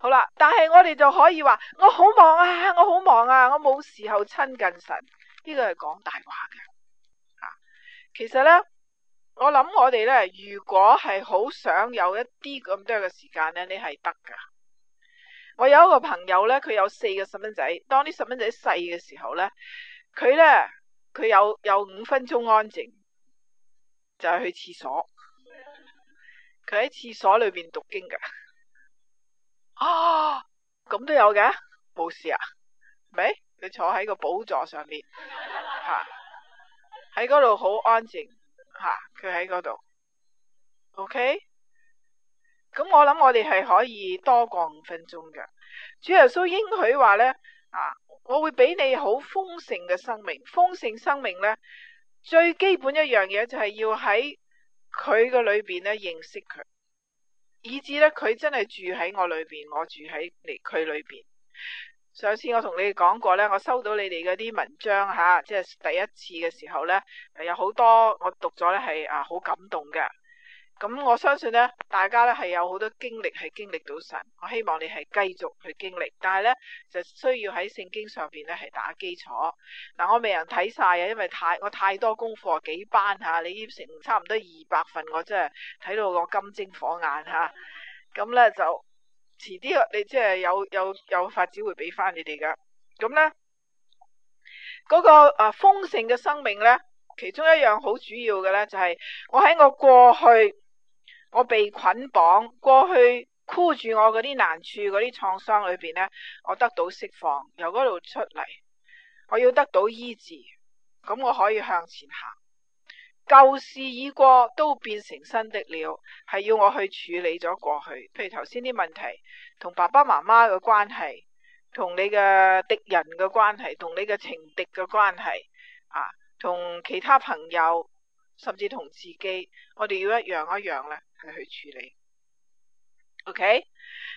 好啦，但係我哋就可以話，我好忙啊，我好忙啊，我冇時候親近神，呢個係講大話嘅。啊，其實呢，我諗我哋呢，如果係好想有一啲咁多嘅時間呢，你係得噶。我有一個朋友呢，佢有四個細蚊仔，當啲細蚊仔細嘅時候呢，佢呢，佢有有五分鐘安靜，就係、是、去廁所，佢喺廁所裏邊讀經噶。啊，咁都有嘅，冇事啊，係咪佢坐喺個寶座上邊吓，喺嗰度好安靜吓，佢喺嗰度，ok，咁我諗我哋係可以多過五分鐘嘅，主耶穌應許話呢：「啊，我會俾你好豐盛嘅生命。」豐盛生命呢，最基本一樣嘢就係要喺佢嘅裏邊呢認識佢，以至咧，佢真係住喺我裏邊，我住喺佢裏邊。上次我同你講過咧，我收到你哋嗰啲文章吓，即係第一次嘅時候咧，有好多我讀咗咧，係啊好感動嘅。咁我相信呢，大家呢係有好多經歷，係經歷到神。我希望你係繼續去經歷，但係呢就需要喺聖經上邊呢係打基礎。嗱、啊，我未能睇晒啊，因為太我太多功課，幾班吓，你要成差唔多二百份，我真係睇到個金睛火眼吓。咁呢就遲啲，你即係有有有法子會俾翻你哋噶。咁呢嗰、那個啊豐盛嘅生命呢，其中一樣好主要嘅呢就係、是、我喺我過去。我被捆綁，過去箍住我嗰啲難處，嗰啲創傷裏邊咧，我得到釋放，由嗰度出嚟，我要得到醫治，咁我可以向前行。舊事已過，都變成新的了，係要我去處理咗過去。譬如頭先啲問題，同爸爸媽媽嘅關係，同你嘅敵人嘅關係，同你嘅情敵嘅關係，啊，同其他朋友。甚至同自己，我哋要一樣一樣咧，係去處理。OK，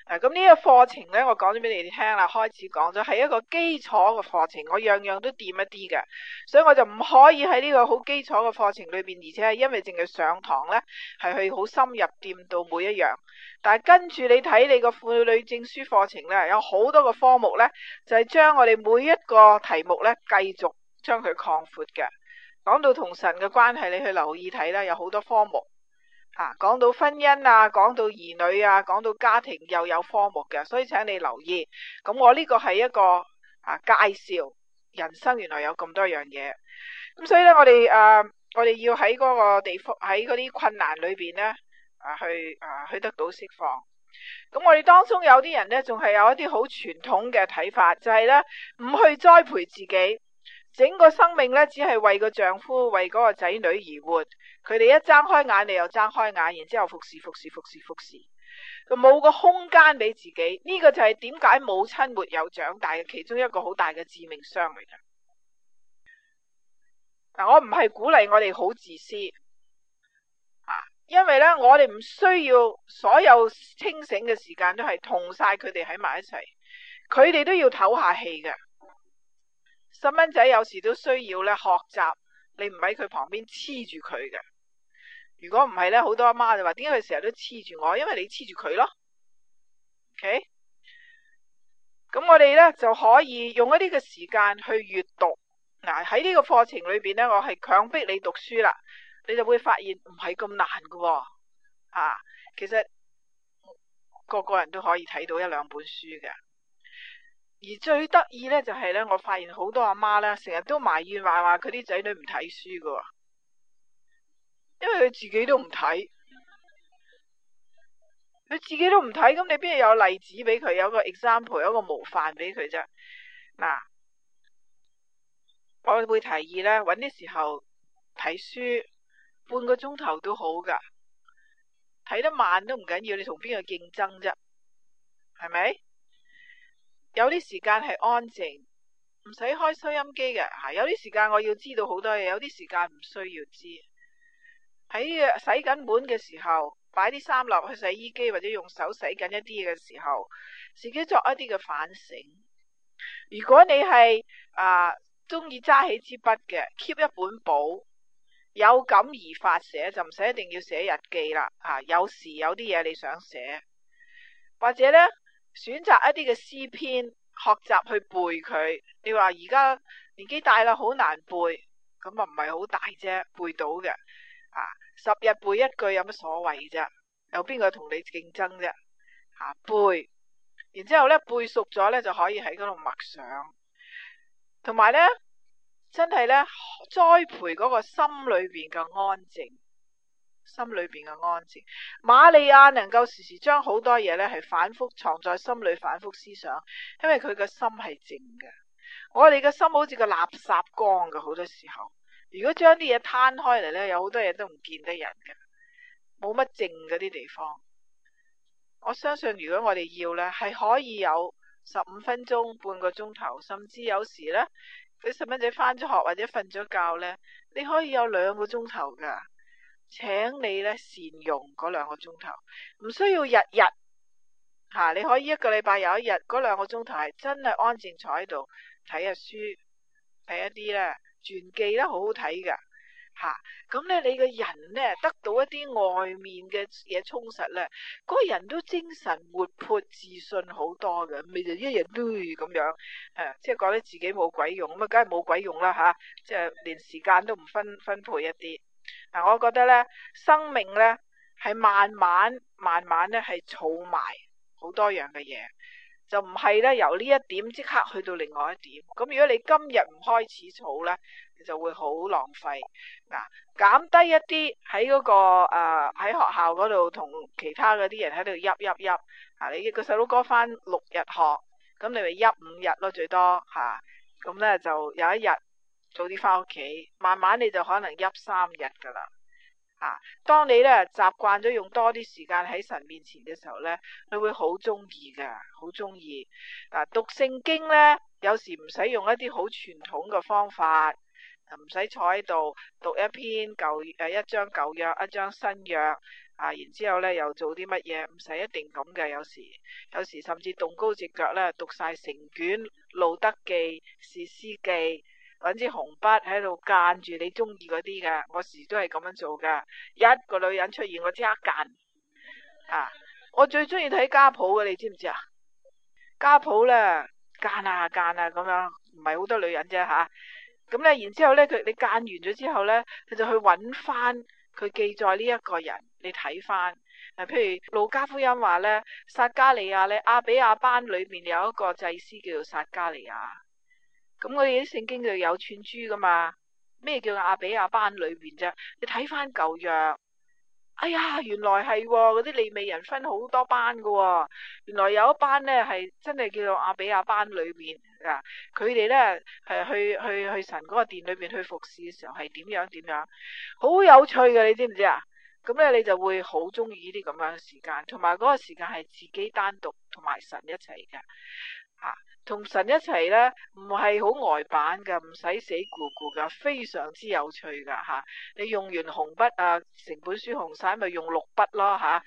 嗱，咁呢個課程呢，我講咗俾你哋聽啦，開始講咗係一個基礎嘅課程，我樣樣都掂一啲嘅，所以我就唔可以喺呢個好基礎嘅課程裏邊，而且係因為淨係上堂呢，係去好深入掂到每一樣。但係跟住你睇你個婦女證書課程呢，有好多個科目呢，就係、是、將我哋每一個題目呢，繼續將佢擴闊嘅。講到同神嘅關係，你去留意睇啦，有好多科目啊。講到婚姻啊，講到兒女啊，講到家庭又有科目嘅，所以請你留意。咁我呢個係一個啊介紹，人生原來有咁多樣嘢。咁所以呢，我哋誒、啊，我哋要喺嗰個地方，喺嗰啲困難裏邊呢，啊，去啊去得到釋放。咁我哋當中有啲人呢，仲係有一啲好傳統嘅睇法，就係、是、呢：唔去栽培自己。整個生命咧，只係為個丈夫，為嗰個仔女而活。佢哋一睜開眼，你又睜開眼，然之後服侍、服侍、服侍、服侍，冇個空間俾自己。呢個就係點解母親沒有長大嘅其中一個好大嘅致命傷嚟噶。嗱，我唔係鼓勵我哋好自私啊，因為咧，我哋唔需要所有清醒嘅時間都係同晒佢哋喺埋一齊，佢哋都要唞下氣嘅。細蚊仔有時都需要咧學習，你唔喺佢旁邊黐住佢嘅。如果唔係咧，好多阿媽就話：點解佢成日都黐住我？因為你黐住佢咯。OK，咁我哋咧就可以用一啲嘅時間去閱讀。嗱、啊，喺呢個課程裏邊咧，我係強迫你讀書啦，你就會發現唔係咁難噶、哦。啊，其實個個人都可以睇到一兩本書嘅。而最得意咧，就係咧，我發現好多阿媽咧，成日都埋怨話話佢啲仔女唔睇書噶，因為佢自己都唔睇，佢自己都唔睇，咁你邊有例子俾佢，有個 example，有個模範俾佢啫。嗱，我會提議咧，搵啲時候睇書，半個鐘頭都好噶，睇得慢都唔緊要，你同邊個競爭啫，係咪？有啲時間係安靜，唔使開收音機嘅吓。有啲時間我要知道好多嘢，有啲時間唔需要知。喺洗緊碗嘅時候，擺啲衫落去洗衣機或者用手洗緊一啲嘅時候，自己作一啲嘅反省。如果你係啊中意揸起支筆嘅，keep 一本簿，有感而發寫就唔使一定要寫日記啦。吓、啊，有時有啲嘢你想寫，或者呢。選擇一啲嘅詩篇學習去背佢。你話而家年紀大啦，好難背，咁啊唔係好大啫，背到嘅。啊十日背一句有乜所謂啫？有邊個同你競爭啫？啊，背，然之後咧背熟咗咧就可以喺嗰度默想，同埋咧真係咧栽培嗰個心裏面嘅安靜。心裏邊嘅安靜，瑪利亞能夠時時將好多嘢呢係反覆藏在心裏，反覆思想，因為佢嘅心係靜嘅。我哋嘅心好似個垃圾缸嘅，好多時候，如果將啲嘢攤開嚟呢，有好多嘢都唔見得人嘅，冇乜靜嗰啲地方。我相信如果我哋要呢，係可以有十五分鐘、半個鐘頭，甚至有時呢，佢細蚊仔返咗學或者瞓咗覺呢，你可以有兩個鐘頭噶。請你咧善用嗰兩個鐘頭，唔需要日日吓、啊，你可以一個禮拜有一日嗰兩個鐘頭係真係安靜坐喺度睇下書，睇一啲啦，傳記都好好睇噶吓。咁、啊、咧你嘅人咧得到一啲外面嘅嘢充實咧，嗰個人都精神活潑自信好多嘅，咪就一日衰咁樣誒、啊，即係覺得自己冇鬼用，咁啊梗係冇鬼用啦吓、啊，即係連時間都唔分分配一啲。嗱，我覺得咧，生命咧係慢慢慢慢咧係儲埋好多樣嘅嘢，就唔係咧由呢一點即刻去到另外一點。咁如果你今日唔開始儲咧，你就會好浪費。嗱，減低一啲喺嗰個誒喺學校嗰度同其他嗰啲人喺度喐喐喐。啊，你個細佬哥返六日學，咁你咪喐五日咯最多嚇。咁咧就有一日。早啲翻屋企，慢慢你就可能喐三日噶啦。啊，當你咧習慣咗用多啲時間喺神面前嘅時候咧，你會好中意噶，好中意。嗱、啊，讀聖經咧，有時唔使用，用一啲好傳統嘅方法，唔、啊、使坐喺度讀一篇舊誒一張舊約一張新約啊，然之後咧又做啲乜嘢，唔使一定咁嘅。有時，有時甚至動高隻腳咧，讀晒成卷路德記、士師記。揾支紅筆喺度間住你中意嗰啲噶，我時都係咁樣做噶。一個女人出現，我即刻間啊！我最中意睇家譜嘅，你知唔知啊？家譜啦，間啊間啊咁樣，唔係好多女人啫吓。咁、啊、咧，然之後咧，佢你間完咗之後咧，佢就去揾翻佢記載呢一個人，你睇翻啊。譬如路加福音話咧，撒加利亞咧，亞比亞班裏邊有一個祭司叫做撒加利亞。咁我哋啲聖經就有串珠噶嘛？咩叫亞比亞班裏邊啫？你睇翻舊約，哎呀，原來係嗰啲利未人分好多班噶，哦。原來有一班咧係真係叫做亞比亞班裏邊啊！佢哋咧係去去去神嗰個殿裏邊去服侍嘅時候係點樣點樣，好有趣噶！你知唔知啊？咁咧你就會好中意呢啲咁樣嘅時間，同埋嗰個時間係自己單獨同埋神一齊噶。同神一齊咧，唔係好呆板噶，唔使死咕咕噶，非常之有趣噶嚇、啊。你用完紅筆啊，成本書紅晒，咪用綠筆咯嚇。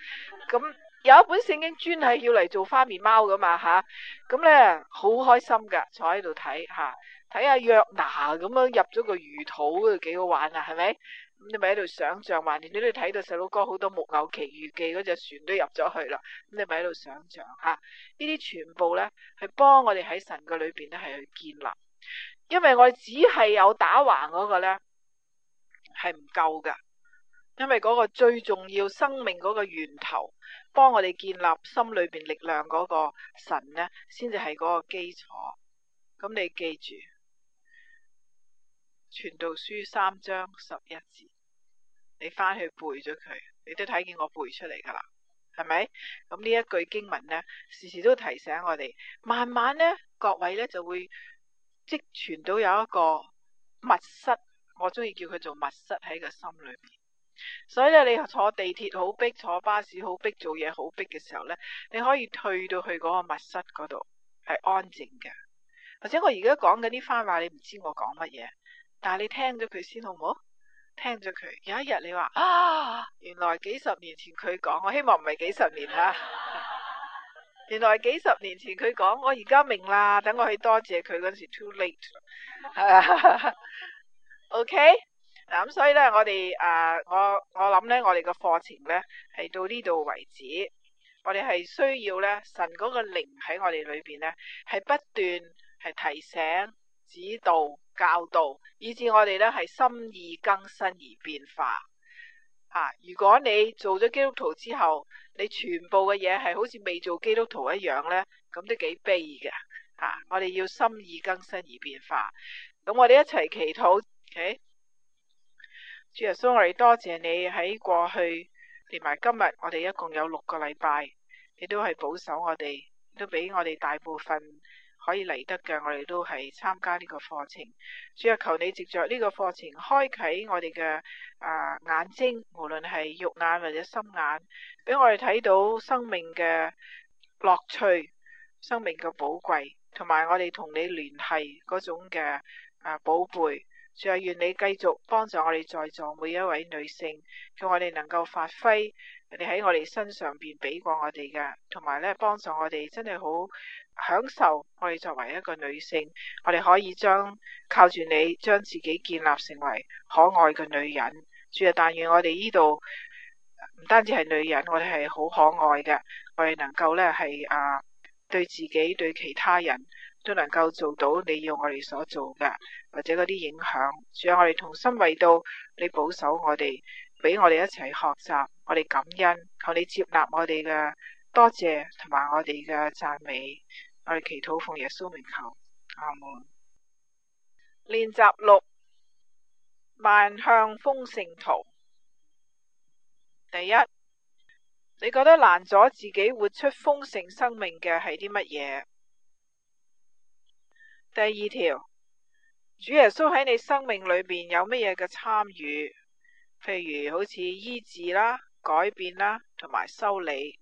咁、啊嗯、有一本聖經專係要嚟做花面貓噶嘛嚇。咁咧好開心噶，坐喺度睇嚇，睇下約拿咁樣入咗個魚肚，幾好玩啊，係咪？咁你咪喺度想象橫掂你都睇到細佬哥好多木偶奇遇記嗰隻船都入咗去啦。咁你咪喺度想象吓，呢啲全部咧係幫我哋喺神嘅裏邊咧係去建立，因為我哋只係有打橫嗰個咧係唔夠噶，因為嗰個最重要生命嗰個源頭，幫我哋建立心裏邊力量嗰個神咧，先至係嗰個基礎。咁你記住。傳道書三章十一字，你翻去背咗佢，你都睇見我背出嚟噶啦，係咪？咁呢一句經文呢，時時都提醒我哋，慢慢呢，各位呢就會積存到有一個密室，我中意叫佢做密室喺個心裏面。所以咧，你坐地鐵好逼，坐巴士好逼，做嘢好逼嘅時候呢，你可以退到去嗰個密室嗰度，係安靜嘅。或者我而家講緊呢番話，你唔知我講乜嘢。但係你聽咗佢先好唔好？聽咗佢有一日你話啊，原來幾十年前佢講，我希望唔係幾十年啦。 原來幾十年前佢講，我而家明啦。等我去多謝佢嗰時，too late，啊。OK 嗱咁，所以咧，呃，我哋誒，我我諗咧，我哋個課程咧係到呢度為止。我哋係需要咧，神嗰個靈喺我哋裏邊咧，係不斷係提醒、指導。教導，以至我哋咧係心意更新而變化。吓、啊，如果你做咗基督徒之後，你全部嘅嘢係好似未做基督徒一樣咧，咁都幾悲嘅。吓、啊，我哋要心意更新而變化。咁我哋一齊祈禱。O.K.，主耶穌，我哋多謝你喺過去，連埋今日，我哋一共有六個禮拜，你都係保守我哋，都俾我哋大部分。可以嚟得嘅，我哋都係參加呢個課程。主要求你藉着呢個課程，開啟我哋嘅、呃、眼睛，無論係肉眼或者心眼，俾我哋睇到生命嘅樂趣、生命嘅寶貴，同埋我哋同你聯繫嗰種嘅、呃、寶貝。仲係願你繼續幫助我哋在座每一位女性，叫我哋能夠發揮你喺我哋身上邊俾過我哋嘅，同埋咧幫助我哋真係好。享受我哋作為一個女性，我哋可以將靠住你，將自己建立成為可愛嘅女人。主呀，但願我哋呢度唔單止係女人，我哋係好可愛嘅。我哋能夠呢係啊，對自己對其他人都能夠做到你要我哋所做嘅，或者嗰啲影響。主呀，我哋同心為道，你保守我哋，俾我哋一齊學習，我哋感恩，求你接納我哋嘅多謝同埋我哋嘅讚美。在祈禱，奉耶穌名求阿門。練習六：邁向豐盛途。第一，你覺得難阻自己活出豐盛生命嘅係啲乜嘢？第二條，主耶穌喺你生命裏面有乜嘢嘅參與？譬如好似醫治啦、改變啦，同埋修理。